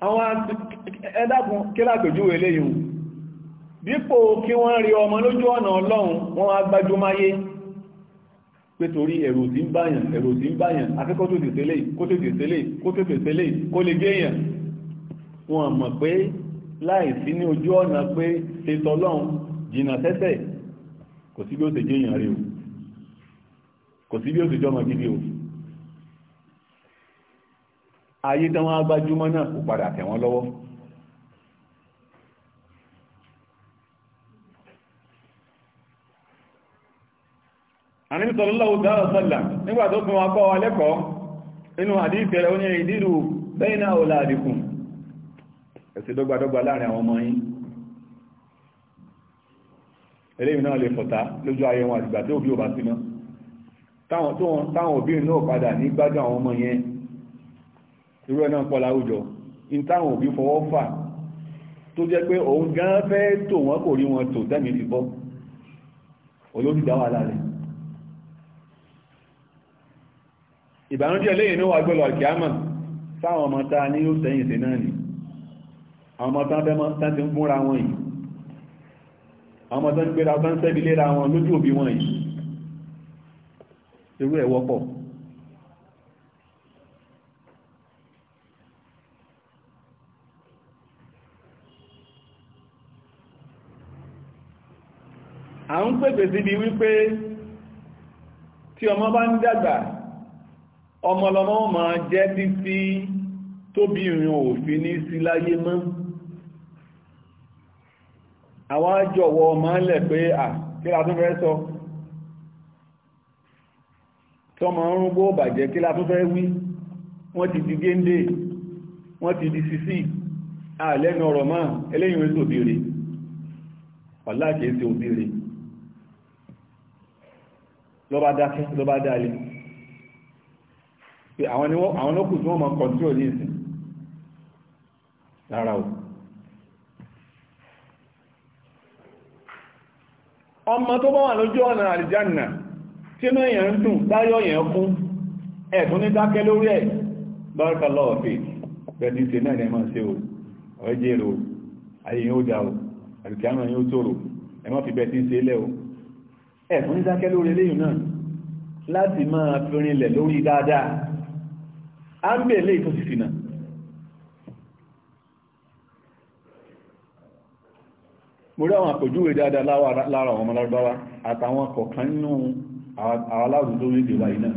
àwọn ẹ̀dàkùn kíláàpẹ̀jú eléyìn dípò kí wọ́n rí ọmọ lójú ọ̀nà ọlọ́run wọ́n wá gbájúmáyé pé torí ẹ̀rù tí ń báyàn ẹ̀rù tí ń báyàn akẹ́kọ̀ọ́ tó tètèlé kó tètè tèlé kó tètè tèlé kó lè géèyàn wọn mọ̀ pé láìsí ní ojú ọ̀nà pé ṣètò ọlọ́run jìnà tẹ́tẹ̀ kò sí bí ó ṣe géèyàn rí o kò sí bí ó ṣe jọmọ gidi o ayé tán wọ́n agbájúmọ́ náà kò padà tẹ̀ wọ́n lọ́wọ́ àní sọ̀lọ́lọ́wọ́ dára sọ́lá nígbà tó fún wa kọ́ wa lẹ́kọ̀ọ́ inú àdífẹ́ rẹ̀ oní ìdírù bẹ́ẹ̀nà ọ̀lá àdìkùn ẹ̀sẹ̀ dọ́gbàdọ́gbà láàrin àwọn ọmọ yín eléyìn náà lè fọ̀tá lójú ayé wọn àtìgbà tí òbí ò bá sí mọ́ táwọn òbí irú ẹ̀ náà pọ̀ láwùjọ in táwọn òbí fọwọ́ fà tó jẹ́ pé òun gan fẹ́ tò wọ́n kò rí wọn tò tẹ́mi fi bọ́ olóòtú wà lálẹ́ ìbànújẹ́ lẹ́yìn ní wà gbọ́lọ̀ àkíámà sáwọn ọmọ ta ní yóò sẹ́yìn sí náà ni àwọn ọmọ tán fẹ́mọ́ tán ti ń múra wọn yìí ọmọ tán ń gbéra tán ń sẹ́bi léra à ń pèsè síbi wípé tí ọmọ bá ń dàgbà ọmọ lọmọ máa jẹ́ títí tóbi ìrìn òfin ní sí láyé mọ́ àwọn àjọwọ́ ọmọ lẹ̀ pé à kí la tún fẹ́ sọ tọmọ ń rúgbó bàjẹ́ kí la tún fẹ́ wí wọ́n ti di géńdé wọ́n ti di sisi àlẹ́nu ọ̀rọ̀ máa eléyìn orí tòbí rẹ̀ ọ̀lá kìí sí òbí rẹ̀ lọ́ba dákẹ́ lọ́ba dálé pé àwọn ni àwọn lókù tí wọ́n mọ̀ kọ̀ntró ní ìsìn lára o ọmọ tó bá wà lójú ọ̀nà àlìjánà tí inú èèyàn ń dùn láyọ̀ èèyàn kún ẹ̀fún ní dákẹ́ lórí ẹ̀ bọ́rọ̀kà lọ́wọ́ fi bẹ̀rẹ̀ ní ṣe náà ẹ̀mọ́ ṣe o ọ̀rẹ́jẹ́ èrò ayé yóò dá tí ń ṣe lẹ́ ẹ̀kùn ní dákẹ́ lórí eléyìn náà láti máa fìrinlẹ̀ lórí dáadáa a ń bèèrè tó sì fìnà mo rí àwọn àpòjúwe dáadáa lára àwọn ọmọlárúbáwá àtàwọn kọ̀ọ̀kan nínú àwọn aláwùjọ orílẹ̀ wáyé náà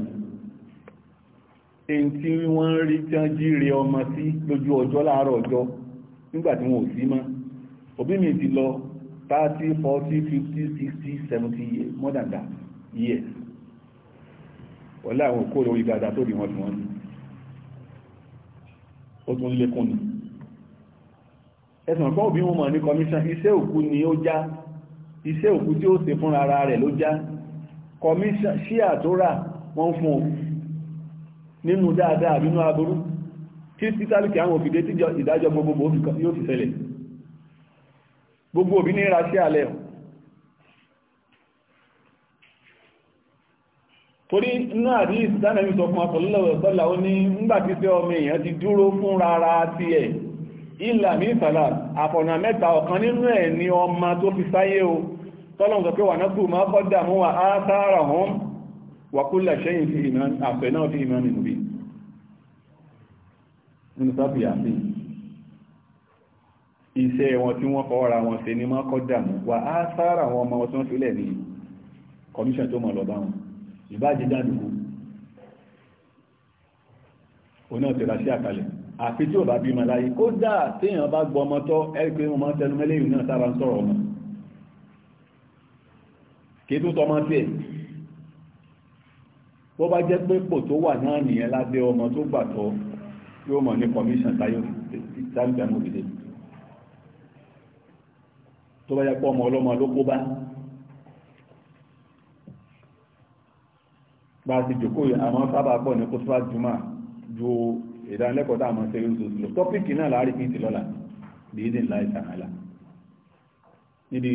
èyí tí wọ́n rí tí wọ́n jí rí ọmọ sí lójú ọjọ́ láàárọ̀ ọjọ́ nígbàtí wọn ò sí mọ́ òbí mi ti lọ thirty forty fifty sixty seventy years more than that years wọ́n láwọn òkú lórí dáadáa tó bí wọ́n fi wọ́n ní ó tún lékún ní ẹ̀sùn ọ̀pọ̀ òbí wọn mọ̀ ní commission iṣẹ́ òkú ni ó já iṣẹ́ òkú tí ó ṣe fún ara rẹ̀ ló já commission ṣíà tó rà wọ́n fún un nínú dáadáa àbínú aburú tí títàlùkì àwọn gbogbo òbí ní ra sí alẹ́ ọ̀ torí inú àdí ìsìdánẹ́mí sọ fún àtọ̀lọ́lọ́wọ̀ sọ́lá ó ní ńgbàtí sí ọmọ èèyàn ti dúró fún rárá ti ẹ̀ ìlà ní ìsàlà àfọ̀nà mẹ́ta ọ̀kan nínú ẹ̀ ni ọmọ tó fi sáyé o tọ́lọ̀ pé wà náà iṣẹ́ wọn tí wọ́n fọwọ́ra wọn ṣe ní mọ́ kọ́dàmù wà á sára àwọn ọmọ wọn tí wọ́n filẹ̀ ní commission tó mọ̀ lọ bá wọn ìbájẹ́ dánùkú òun náà tẹ̀lá sí àkàlẹ̀ àfi tí ò bá bímọ láyé kódà téèyàn bá gbọ́ ọmọ tọ́ ẹ pé wọn máa ń tẹnu mẹ́lẹ́yìn náà sára ń sọ̀rọ̀ ọmọ kí tó tọmọ tiẹ̀ bó bá jẹ́ pé pò tó wà náà nìyẹn lábẹ́ ọmọ tó gbàtọ́ yóò mọ̀ ní commission táyọ̀ táyọ̀ táyọ̀ òdìdè tó bá yẹ pé ọmọ ọlọ́mọ ló kó bá bá a ti jòkó àwọn sábà pọ̀ ní kó sábà jùmọ̀ ju ìdánilẹ́kọ̀ọ́ táwọn ṣe ń sòsì lọ tọ́pìkì náà láàárín kìí ti lọ́la bíi ní láì sàmàlà níbi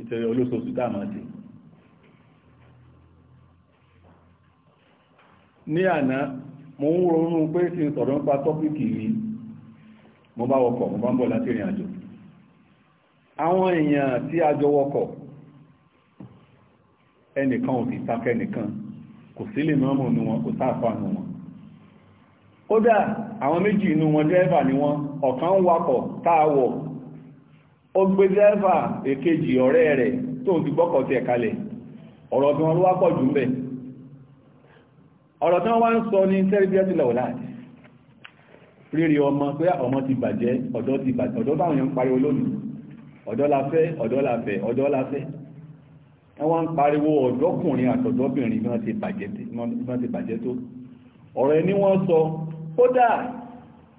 ìtẹ̀rẹ̀ olóṣooṣù táwọn ṣe ní àná mo ń ronú pé kí n sọ̀rọ̀ nípa tọ́pìkì yìí mo bá wọkọ̀ mo bá ń bọ̀ láti ìrìn àjò àwọn èèyàn tí a jọ wọkọ̀ ẹnìkan ò sì takẹ́ nìkan kò sí lè mọ́mù nù wọn kò sáàfà nù wọn kódà àwọn méjì inú wọn dẹ́ẹ̀fà ni wọn ọ̀kan ń wakọ̀ táàwọ̀ ó gbé dẹ́ẹ̀fà èkejì ọ̀rẹ́ rẹ̀ tó ń ti gbọ́kọ̀ tiẹ̀ kalẹ̀ ọ̀rọ̀ tí wọ́n ló wá pọ̀ jù ń ọ̀rọ̀ tí wọ́n wá ń sọ ní tẹ́rìbíẹ́tì lọ́wọ́lá rírí ọmọ pé ọmọ ti bàjẹ́ ọ̀dọ́ ti bàjẹ́ ọ̀dọ́ báwọn yẹn ń pariwo lónìí ọ̀dọ́ la fẹ́ ọ̀dọ́ la fẹ́ ọ̀dọ́ la fẹ́ wọ́n ń pariwo ọ̀dọ́kùnrin àtọ̀dọ́bìnrin bí wọ́n ti bàjẹ́ tó ọ̀rọ̀ ẹni wọ́n sọ kódà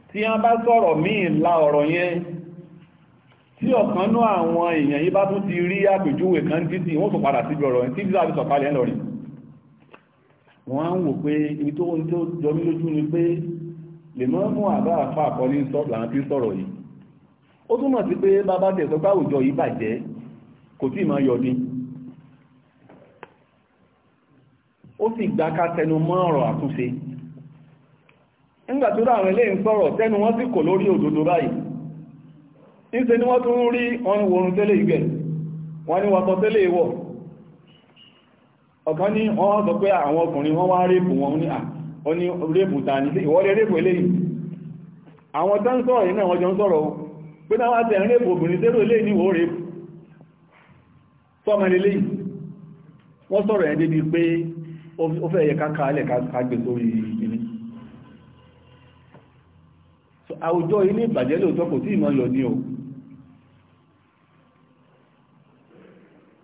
tí wọ́n bá sọ̀rọ̀ míì la ọ̀rọ̀ yẹn tí ọ̀kan náà àwọn èèyàn yìí bá tún ti rí àpèjúwe kan títì wọ́n tó padà síbi ọ̀rọ̀ yẹn tí bísà fi sọ̀kalẹ̀ ńlọrin wọ́n á ń wò pé ibi tó jọ mí lójú ni pé lè mọ́ mú àbá àfa àkọlé sọ̀rọ̀ àwọn tí ń sọ̀rọ̀ yìí ó túnmọ̀ sí pé bàbá tẹ̀sọ́ pé àwùjọ yìí bàjẹ́ kò tí máa yọdí ó sì gbà ká tẹnu mọ́ ọ̀rọ̀ àtúnṣe nígbà tó ilé ń tẹnu wọ́n sì kò lórí òdodo báyìí ni wọ́n tún rí wọn tẹ́lẹ̀ ìgbẹ̀ wọ́n ni wakọ tẹ́lẹ̀ ìwọ̀ ọ̀kan ní wọ́n sọ pé àwọn ọkùnrin wọ́n wá wọn ní à wọ́n ní ni ta ní ìwọ́lẹ̀ rèébù eléyìí àwọn sọ̀rọ̀ yìí náà wọ́n jọ ń sọ̀rọ̀ pé náà wá tẹ̀ ń rèpò obìnrin tẹ́rò lè ní ìwò rèpò fọ́mọ ilé yìí wọ́n sọ̀rọ̀ ẹ̀ débi pé ó fẹ́ yẹ káka alẹ́ kágbé sórí ìkíní àwùjọ ilé ìbàjẹ́ lóòótọ́ kò tí ìmọ̀ lọ ní o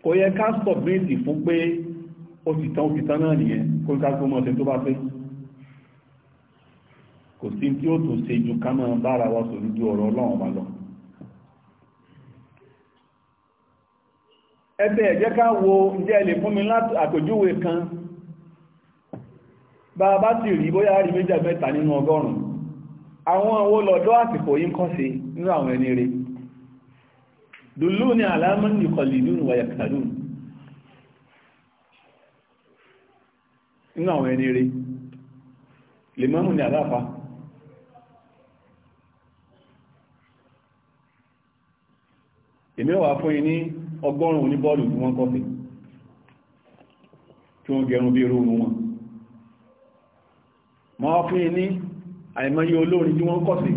kò yẹ ká sọ̀bíǹtì fún pé ó ti tán ó ti tán náà kò sí tí ó tún ṣe ju ká máa bára wa sòrújú ọ̀rọ̀ ọlọ́run wa lọ ẹbẹ̀ ẹ̀jẹ́ ká wo jẹ́ lè fún mi láti àpèjúwe kan bá bá ti rí bóyá rí méjì mẹ́ta nínú ọgọ́rùn-ún àwọn owó lọ́dọ́ àsìkò yí ń kọ́ sí nínú àwọn ẹni rẹ̀ dùlú ni àlámọ́n ní kọlìdún ni fún yí ní ọgọ́rùn-ún ní bọ́ọ̀lù tí wọ́n kọ́fẹ́ tí wọ́n gẹrun bí irun wọn ma wọ́n fún ní àìmọye olórin tí wọ́n kọ́fẹ́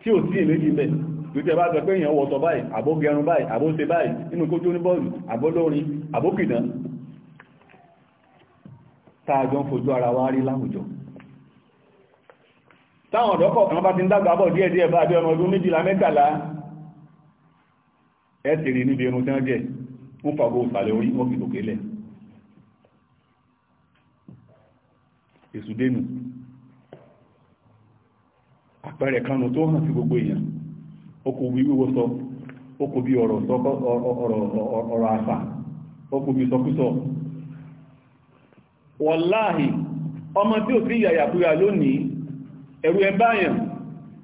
tí ò sí èméjì bẹ̀ tó tẹ́ bá sọ pé èèyàn wọ̀tọ̀ báyìí àbó gẹrun báyìí àbó ṣe báyìí nínú kójú ní bọ́ọ̀lù àbó lórin àbó kìdán e siri níbi irun tí wọ́n jẹ́ ń fàgbó ìsàlẹ̀ orí àpẹẹrẹ kanu tó hàn sí gbogbo èèyàn oko bí wíwọ́ sọ oko bí ọ̀rọ̀ ọ̀rọ̀ àṣà bí sọkúsọ wọláhì ọmọ tí ò sí yàyàkúyà lónìí ẹ̀rù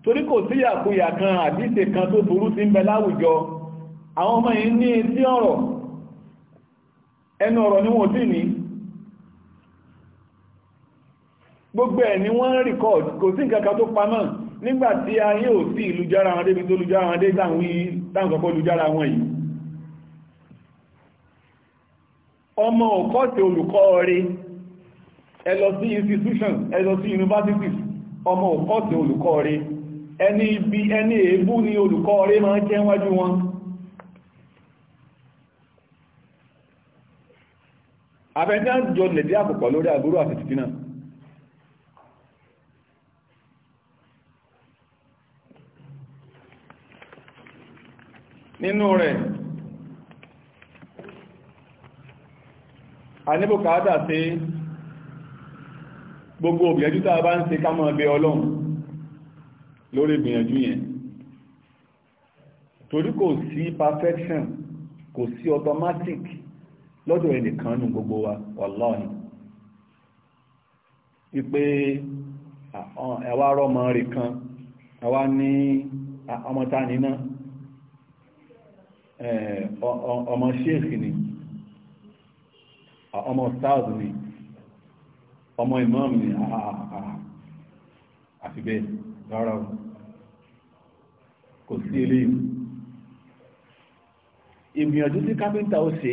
torí kò sí yàkúyà kan kan tó burú sí ń bẹ àwọn ọmọ yìí ní etí ọ̀rọ̀ ẹnu ọ̀rọ̀ ni wọ́n dì ní gbogbo ẹ̀ ni wọ́n record kò sí nǹkan kan tó pamọ́ nígbàtí ayé ò sí ìlú jára wọn débi tó lú wọn dé dáǹkọ̀kọ́ institution ẹ lọ sí universities ọmọ òkọ́tẹ̀ olùkọ́ rẹ ẹni ibi ẹni èébú ni olùkọ́ rẹ máa jẹ́ wájú wọn afẹ́já jọ lẹ̀dí àpòpọ̀ lórí àbúrú àti tìtínà nínú rẹ̀ àníbòkádà sí gbogbo ìgbìyànjú tàà bá ń ṣe ká mọ́ ẹgbẹ́ ọlọ́run lórí ìgbìyànjú yẹn torí kò sí perfection kò sí automatic lọ́dọ̀ ẹnìkan nù gbogbo wa wallahi wípé ẹwà rọmọ rẹ̀ kan ẹwà ní ọmọ ta níná ọmọ sheikh ni ọmọ stars ni ọmọ imam ni àti bẹ́ẹ̀ rárá kò sí eléyìí ìgbìyànjú tí kápẹ́ńtà ó ṣe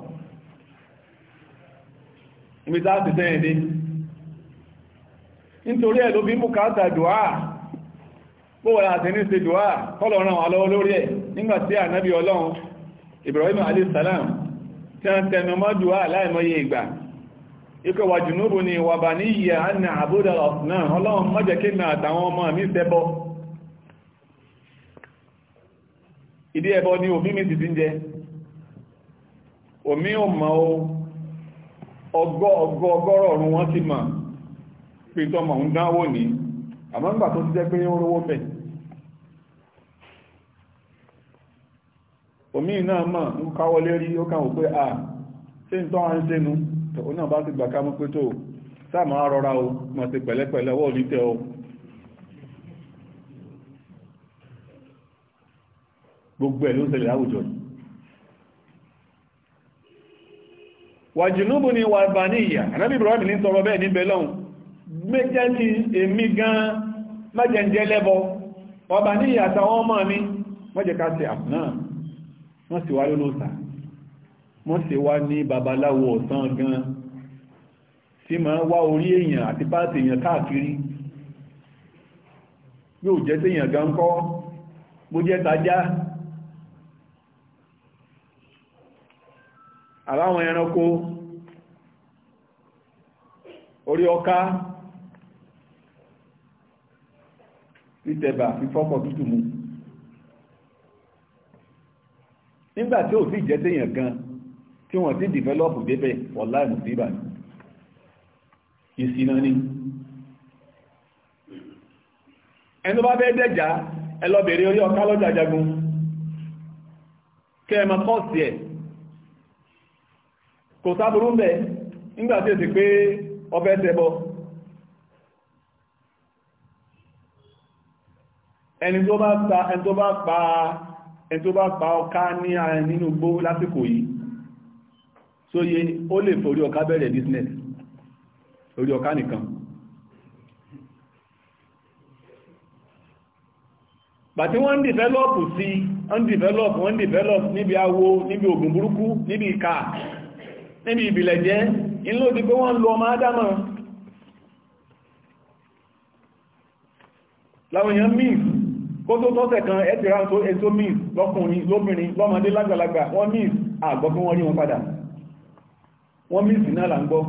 ibi tá ti tẹ́yìn nítorí ẹ̀ ló bí bùkátà dùá bóòwà àti ní ṣe dùá kọ́lọ̀ ràn wà lọ́wọ́ lórí ẹ̀ nígbàtí ọlọ́run Ibrahim alayhi tí a ń tẹnu mọ́ dùá láìmọye ìgbà ikọ̀ wà ni wà n'iyi ní ìyẹ̀ àná àbúdà ọmọ ọgọ́ ọgọ́ wọn ti ma pé tọ́mọ̀ ń dánwò ní àmọ́ tó ti jẹ́ pé rówó bẹ̀ omi náà ma ń káwọ́ lérí ó kàn pé à ṣe ń ń sẹ́nu náà bá ti gbà rọra o ma sí pẹ̀lẹ́pẹ̀lẹ́ ọwọ́ òní o gbogbo ẹ̀ ló láwùjọ wà jùlúbù ni wà bà ní ìyà anábì ibrahim ní tọrọ bẹ́ẹ̀ níbẹ̀ lọ́hun méjẹ́ kí èmi gan mẹ́jẹ̀ǹjẹ́ lẹ́bọ wà bà ní ìyà àtàwọn ọmọ mi mọ́jẹ̀ ká ṣe àpùná wọ́n sì wá lólóòsà wọ́n sì wá ní babaláwo ọ̀sán gan tí ma wá orí èèyàn àti páàtì èèyàn káàkiri yóò jẹ́ sí èèyàn gan kọ́ bó jẹ́ tajá àbáwọn ẹranko orí ọká títẹ̀bà fífọ́kọ̀ tútù mu nígbà tí ò sí ìjẹ́tẹ̀yàn gan tí wọ́n ti dìvẹ́lọ́pù débẹ̀ ọ̀lá ìmùsíbà ìsiná ní ẹni bá bẹ́ẹ̀ dẹ̀já ẹlọ́bẹ̀rẹ̀ orí ọká lọ́jà jagun kẹ́ ẹmọ kọ́ọ̀sì ẹ̀ kò sáburú ń bẹ̀ nígbàtí èsì pé ọbẹ̀ tẹ́bọ ẹni tó bá pa ẹni tó bá pa ọká ní ààrẹ nínú gbó lásìkò yìí sóye ó lè forí ọká bẹ̀rẹ̀ business orí ọká nìkan bàtí wọ́n ń dìfẹ́lọ́pù sí ń dìfẹ́lọ́pù wọ́n ń dìfẹ́lọ́pù níbi awo níbi ògùn burúkú níbi ìka níbi ìbìlẹ̀ jẹ́ inú ti pé wọ́n lọ ọmọ ádámọ̀ láwọn èèyàn mìí kó tó tọ́sẹ̀ kan ẹ́tìrá tó èso mìí lọ́kùnrin lóbìnrin lọ́mọdé lágbàlagbà wọ́n mìí àgbọ́ fún wọ́n rí wọn padà wọ́n mìí sí náà là ń gbọ́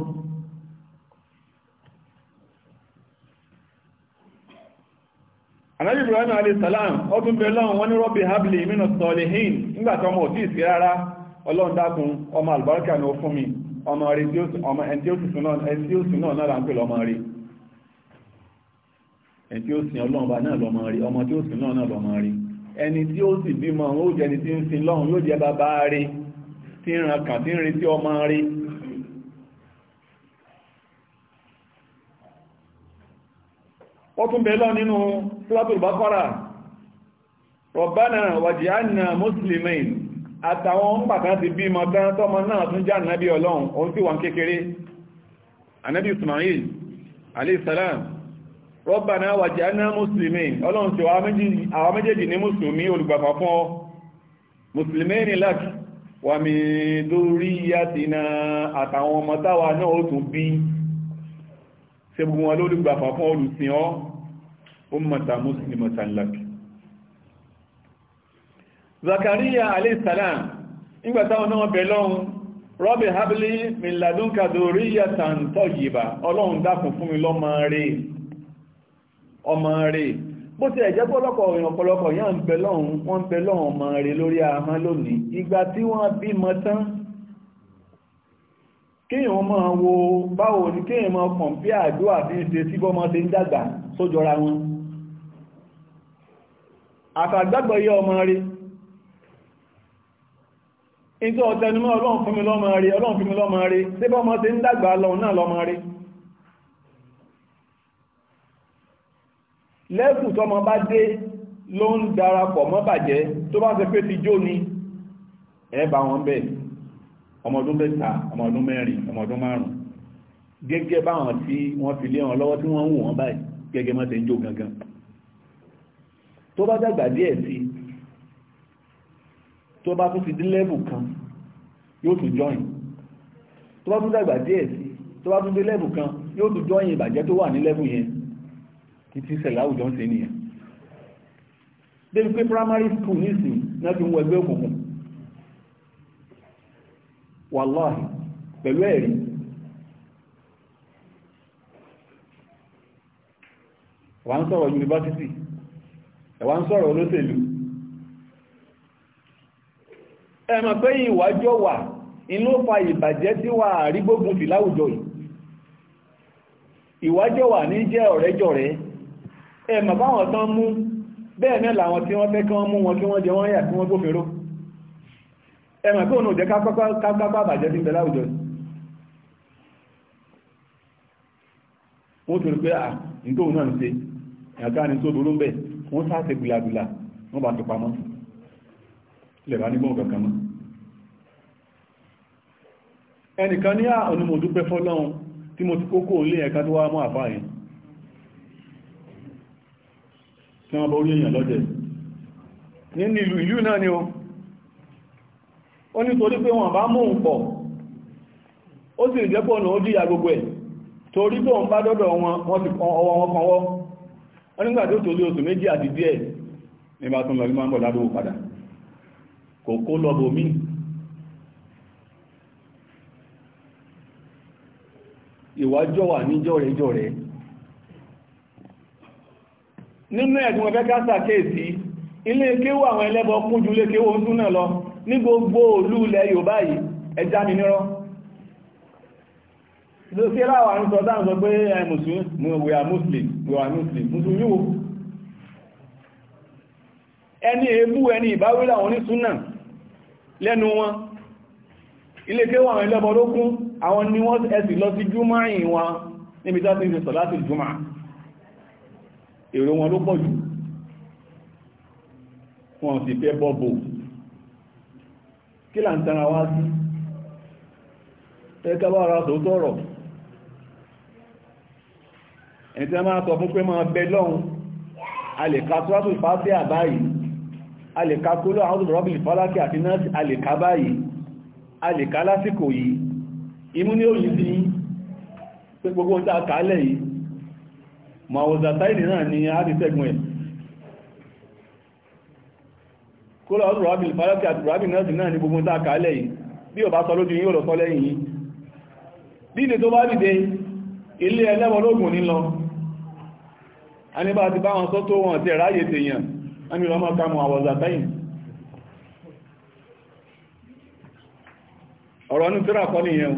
anábìbìrán salam ọdún bẹ̀rẹ̀ láwọn wọ́n ní rọ́bì habli mínú sọ̀lẹ̀hìn nígbàtí ọmọ òtí ìsì rárá ọlọ́run dákun ọmọ àlùbáríkà ni ó fún mi ọmọ rẹ̀ tí ó sùn náà náà láńpẹ́ lọ́mọ rẹ̀ ẹni tí ó sin ọlọ́run bá náà lọ́mọ rẹ̀ ọmọ tí ó sùn náà náà lọ́mọ rẹ̀ ẹni tí ó sì bímọ ó jẹ́ ẹni tí ń sin lọ́run yóò jẹ́ bàbá rẹ̀ tí ń ran kàn tí ń retí ọmọ rẹ̀ ó tún bẹ̀lọ́ nínú Suratul Baqara Rabbana waj'alna muslimin àtàwọn pàtàkì ti bí mọ̀ tán tọ́mọ náà tún já náàbí ọlọ́run òun tí wọ́n kékeré anábí ismail alaihissalam rọ́bàná wàjánà musulmi ọlọ́run tí àwọn méjèèjì ní musulmi olùgbàfà fún ọ musulmi ní láti wà mí lórí yàtìna àtàwọn ọmọ táwa náà ó tún bí ṣe gbogbo wọn lólùgbàfà fún olùsìn ọ ó mọ̀ta musulmi mọ̀ta láti Zakariya alaihissalam nígbàtàwọn náà bẹ̀ lọ́hun Rabbi habli min ladunka dhurriyatan tayyiba ọlọ́run dákun fún mi lọ́mọ rẹ̀ ọmọ rẹ̀ bó ti ẹ̀jẹ́ pọ́lọ́pọ̀ òyìn ọ̀pọ̀lọpọ̀ yá ń bẹ lọ́hun wọ́n ń bẹ lọ́hun ọmọ rẹ̀ lórí ahán lónìí ìgbà tí wọ́n bímọ tán kéèyàn máa wo báwo ni kéèyàn máa kọ̀m̀pí àjọ àti ìṣe síbọ́mọ́ ti ń dàgbà sójọra wọn àfàgbàgbọ́ yẹ ọmọ rẹ̀ ìjọ ọ̀tẹnumọ́ ọlọ́run fún mi lọ́mọ rí ọlọ́run fún mi lọ́mọ rí tí bọ́ mọ́ ti ń dàgbà lọ́run náà lọ́mọ rí lẹ́kù tọ́mọ bá dé ló ń darapọ̀ mọ́ bàjẹ́ tó bá ṣe pé ti jó ni ẹ bá wọn bẹ̀ ọmọdún mẹ́ta ọmọdún mẹ́rin ọmọdún márùn gẹ́gẹ́ báwọn tí wọ́n fi lé wọn lọ́wọ́ tí wọ́n ń wù wọ́n báyìí gẹ́gẹ́ mọ́ ti ń jó gangan tó bá dàgbà díẹ̀ sí i tó bá tún fi dín lẹ́bù kan yóò tún join tó bá tún dàgbà díẹ̀ sí tó bá tún dé lẹ́bù kan yóò tún join ìbàjẹ́ tó wà ní lẹ́bù yẹn kí ti ṣẹlẹ̀ àwùjọ ń ṣe nìyẹn débi pé primary school nísìn náà fi ń wọ ẹgbẹ́ òkùnkùn wàláhì pẹ̀lú ẹ̀rí wà ń sọ̀rọ̀ yunifásitì ẹ̀wà ń sọ̀rọ̀ olóṣèlú ẹmọ̀ pé ìwájọ́ wà inú fa ìbàjẹ́ tí wà àrígbógun sí láwùjọ yìí ìwájọ́ wà ní jẹ́ ọ̀rẹ́jọ̀rẹ́ ẹmọ̀ báwọn tán mú bẹ́ẹ̀ náà làwọn tí wọ́n fẹ́ kí wọ́n mú wọn kí wọ́n jẹ wọ́n yà kí wọ́n gbófinró ẹmọ̀ pé òun ò jẹ́ kápápá bẹ láwùjọ yìí wọ́n tó rí pé à tóun náà ń lè bá nígbọ́n kankan ẹnìkan ní àọ̀nà mo tí mo ti kókó lè ẹ̀ka tó wá mọ́ àfáà yìí tí wọ́n bá orí èèyàn lọ́jẹ̀ o ó nítorí pé bá mú un torí bá dọ́dọ̀ wọn ti ọwọ́ wọn kanwọ́ tó tó lé oṣù kò kó lọ́bọ̀ mí ìwájọ́ wà níjọ́ rẹ̀ jọ rẹ̀ nínú ẹ̀dùn ẹ̀fẹ́ kásà kéèsì ilé kéwò àwọn ẹlẹ́bọ kún ju ilé kéwò ń tún náà lọ ní gbogbo òlú ilẹ̀ Yorùbá yìí ẹjá mi nírọ́ ló sí láwà ń sọ dáhùn sọ pé ẹ̀ mùsùlùmí we are Muslim we are Muslim mùsùlùmí wo ẹni èébú ẹni ìbáwí làwọn onísùn náà lẹ́nu wọn ilé kéwà àwọn ẹlẹ́bọ ló kún àwọn ni wọ́n ẹ̀sì lọ sí júmọ́ àyìn wọn níbi tó ti ń sọ láti júmọ́ èrò wọn ló pọ̀ jù wọn sì fẹ́ bọ́bọ̀ kí là ń tara wá sí ẹ̀ka bá ara sòótọ́ ọ̀rọ̀ ẹ̀tẹ́ máa sọ fún pé máa bẹ lọ́hun a lè ka tó wá tó àbáyìí alìká kóló àwọn ọdún rọ́bìlì fọ́lákì àti nọ́ọ̀sì alìká báyìí alìká lásìkò yìí imú ní òyìn sí gbogbo ń tàà kálẹ̀ yìí mọ̀wọ̀zàtáìdì náà ni a ti sẹ́gun ẹ̀ kóló ọdún rọ́bìlì fọ́lákì àti rọ́bìlì náà ni gbogbo ń tàà kálẹ̀ yìí bí ò bá sọ lójú yóò lọ sọ lẹ́yìn yìí dídè tó bá dìde ilé ẹlẹ́wọ̀n lóògùn nílọ ẹni lọ máa kàmù àwọ̀zàtẹ́yìn ọ̀rọ̀ ní tíra kọ́ nìyẹn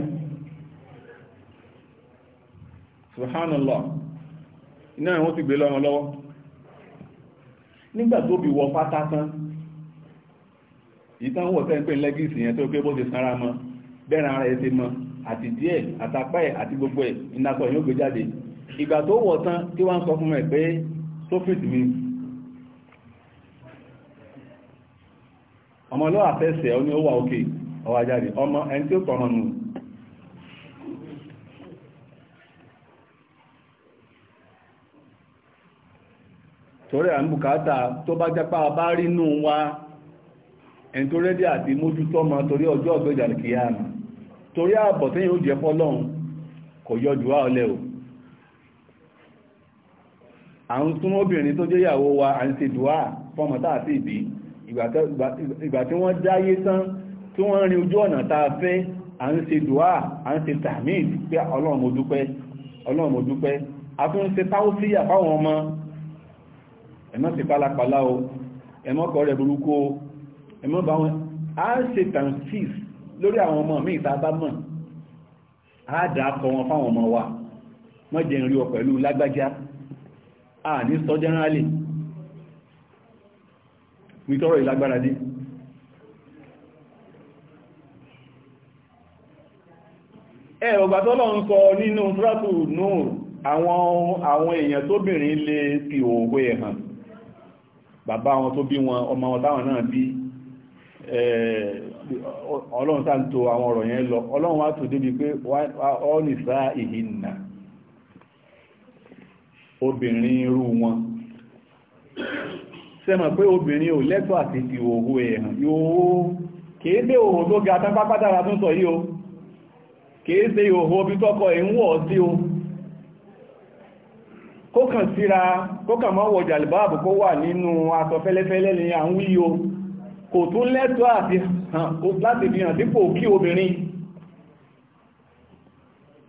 subhanallah iná ìwọ́n ti gbé lọ́wọ́ lọ́wọ́ nígbà tó bí wọ pátá tán ìtànwọ̀ tẹ́ ń pè lẹ́gìsì yẹn tó pé bó ti sára mọ́ bẹ́ẹ̀rẹ̀ ara ẹ̀ ti mọ́ àti díẹ̀ àtàpá ẹ̀ àti gbogbo ẹ̀ ìnakọ̀ yóò gbé jáde ìgbà tó wọ̀ tán tí wọ́n sọ fún ẹ̀ pé sófìtì mi ọmọ lọ́wọ́ àfẹ́sẹ̀ ọ ní ó wà òkè ọwà jáde ọmọ ẹni tí ó tọ̀nà nù torí à ń bùkátà tó bá jápá bá rí nù wá ẹni tó rẹ́dí àti mójútó ọmọ torí ọjọ́ ọ̀gbẹ́jà kìíyàn torí ààbọ̀ tẹ́yìn ó jẹ́ fọ́lọ́hun kò yọ jù wá ọlẹ́ o ìgbà tí wọ́n dáyé tán tí wọ́n rin ojú ọ̀nà tá a fẹ́ à ń ṣe dùá à ń ṣe tàmíd pé ah, ọlọ́run mo dúpẹ́ ọlọ́run mo dúpẹ́ a tún ń ṣe táwọ́síyà fáwọn ọmọ ẹ̀mọ́ sí pálapàlá o ẹ̀mọ́ kọ́ rẹ̀ burúkú o ẹ̀mọ́ bá wọn a ń ṣe tàǹsís lórí àwọn ọmọ mi ìta bá mọ̀ a dà kọ wọn fáwọn ọmọ wa wọ́n jẹ́ ìrìn ọ pẹ̀lú lágbájá a ní sọ jẹ́nrálì ní tọ́rọ ìlágbára dé ẹ̀rọ gbàtọ́lọ̀ ń sọ nínú trátù náà àwọn àwọn èèyàn bìnrin lè fi òògbé ẹ̀ bàbá wọn tó bí wọn ọmọ wọn táwọn náà bí ọlọ́run sáà ń àwọn ọ̀rọ̀ yẹn lọ ọlọ́run wá tó débi pé ìhìnà obìnrin sẹ́mọ̀ pé obìnrin ò lẹ́tọ̀ àti ìhòhò ẹ̀hàn yóò kéèdè òhò tó ga tán pápátára tún sọ yíò kéèdè òhò bí tọ́kọ ẹ̀ ń wọ̀ sí o kókàn síra kókàn mọ́ wọ jàlìbáàbù kó wà nínú aṣọ fẹ́lẹ́fẹ́lẹ́ ni à ń wí o kò tún lẹ́tọ̀ àti láti fi hàn dípò kí obìnrin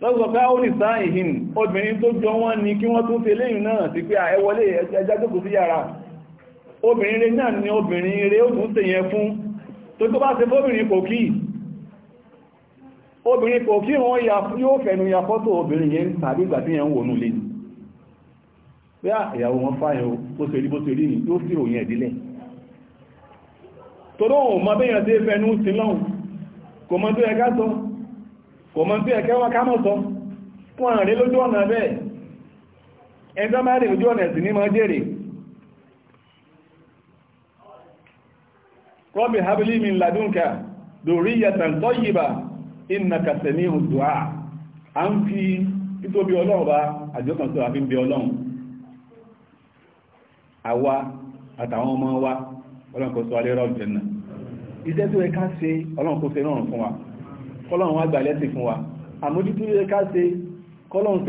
lọ́sọ̀ pé ó nìsá ìhìn obìnrin tó jọ wọ́n ni kí wọ́n tún ṣe lẹ́yìn náà sí pé ẹ wọlé ẹjá jókòó sí yàrá obìnrin rẹ̀ náà ni obìnrin rẹ̀ ó tún tèyẹ fún tó tó bá ṣe fóbìnrin kò kí obìnrin kò kí wọ́n yóò fẹ̀nu ya fọ́tò obìnrin yẹn tàbí ìgbà tí yẹn ń wònú lè pé ìyàwó wọn fáyẹ̀ ó ṣe rí bó ṣe rí ní yóò fìrò yẹn ìdílẹ̀ tọ́rọ òun mọ bẹ́yàn tí fẹ́nu sí lọ́hùn kò mọ́ tó ẹ̀ká ọ̀nà bẹ́ẹ̀ ní mọ́ jẹ́rìí رب هب لي من لدنك ذرية طيبة إنك سميع الدعاء an fi títóbi ọlọ́run bá àjọ́kan tó àfi ń bẹ ọlọ́run àwa àtàwọn ọmọ wa ọlọ́run kò sọ alẹ́ rọ̀ jẹ́nà iṣẹ́ tó yẹ ká ṣe ọlọ́run kò ṣe rọrùn fún wa kọ́lọ́run wá gbà lẹ́sìn fún wa àmójútó yẹ ká ṣe kọ́lọ́run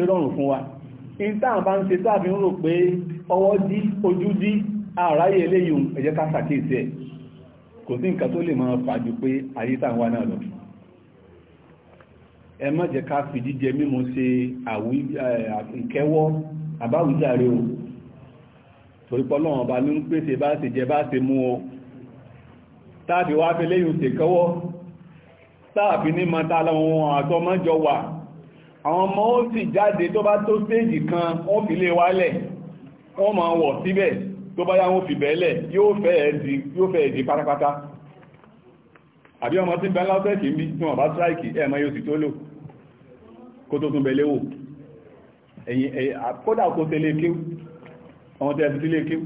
ẹ̀ kò sí nǹkan tó lè máa fàájú pé ayé táwọn náà lọ ẹ má jẹ́ ká fi jíjẹ mímu ṣe ìkẹ́wọ́ àbáwíjàre o torípọ́ lọ́wọ́n ọba ní ń pèsè bá ṣe jẹ bá ṣe mú o táàfi wá fi léyìn ṣe kẹ́wọ́ táàfi ní mata lọ́wọ́n àtọmọ́jọ wà àwọn ọmọ ó sì jáde tó bá tó stéèjì kan wọ́n fi lé wálẹ̀ wọ́n máa wọ̀ síbẹ̀ tó bá yá wọn fi bẹ́ẹ̀lẹ̀ yóò fẹ́ ẹ̀dì pátápátá àbí ọmọ tí bẹ́ẹ̀lá ọ́sẹ̀kì ń bí tí wọ́n bá sáìkì ẹ̀mọ́ yóò sì tó lò kó tó tún bẹ̀lẹ̀ wò kódà kó tẹ lékéw ọmọ tẹ́ ti lékéw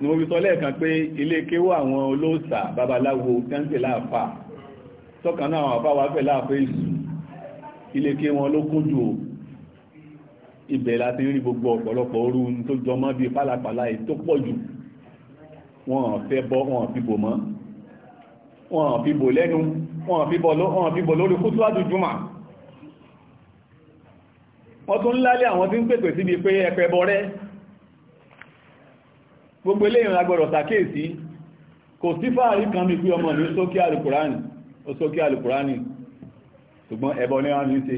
ni mo fi sọ lẹ́ẹ̀kan pé wọn ló kójú o ibẹ̀ láti rí gbogbo ọ̀pọ̀lọpọ̀ orú tó jọmọ́ bíi pálapàla èyí tó pọ̀ jù wọ́n fẹ́ bọ́ wọ́n fi bò mọ́ wọ́n fi bò lẹ́nu wọ́n fi bò lórí kútú àdújúmà wọ́n tún lálẹ́ àwọn tí ń pèpè síbi pé ẹ̀pẹ̀ bọ́ rẹ́ gbogbo eléyìn lágbọ́dọ̀ sàkéèsí kò sí fàárí kan mi pé ọmọ ní ó sókè alùkùránì ṣùgbọ́n ẹbọ ní wọ́n ní ṣe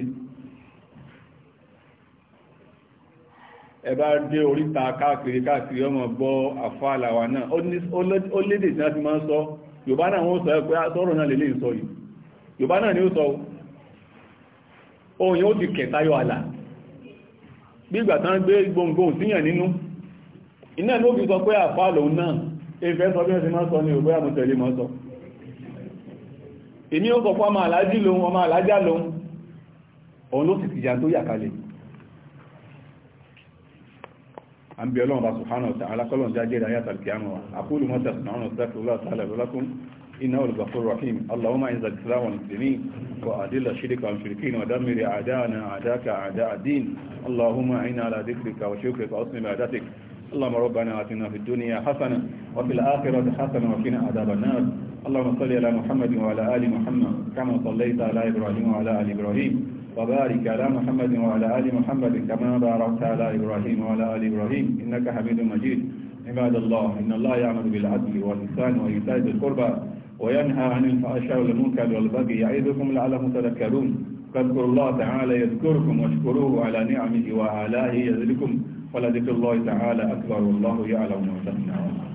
ẹ̀bá dé oríta káàkiri káàkiri ọmọ gbọ́ àfáàlàwà náà ó lédè tí wọ́n ti máa ń sọ Yorùbá náà wọ́n sọ pé ah, sọ́rọ̀ náà lélẹ́ ìsọ yìí Yorùbá náà ni ó sọ ohun yóò ti kẹtayọ àlà bí ìgbà tán gbé gbohùngbohùn síyàn nínú iná ló fi sọ pé àfáàlò náà ìfẹ́ sọ bí wọ́n ti máa ń sọ ní Yorùbá àmútẹ̀lé máa ń sọ èmi ó sọ fún ọmọ أنبياء الله سبحانه وتعالى قالوا جاجر آيات القيامة أقول ما تصنعون أستغفر الله تعالى لكم إنه الغفور الرحيم اللهم أعز الإسلام والمسلمين وأذل الشرك والمشركين ودمر أعداءنا أعداءك أعداء الدين اللهم أعنا على ذكرك وشكرك وحسن عبادتك اللهم ربنا آتنا في الدنيا حسنة وفي الآخرة حسنة وقنا عذاب النار اللهم صل على محمد وعلى آل محمد كما صليت على إبراهيم وعلى آل إبراهيم وبارك على محمد وعلى آل محمد كما باركت على إبراهيم وعلى آل إبراهيم إنك حميد مجيد عباد الله إن الله يعمل بالعدل والإحسان وإيتاء ذي القربى وينهى عن الفحشاء والمنكر والبغي يعظكم لعلكم تذكرون فاذكروا الله تعالى يذكركم واشكروه على نعمه وآلائه يزدكم ولذكر الله تعالى أكبر والله يعلم ما تصنعون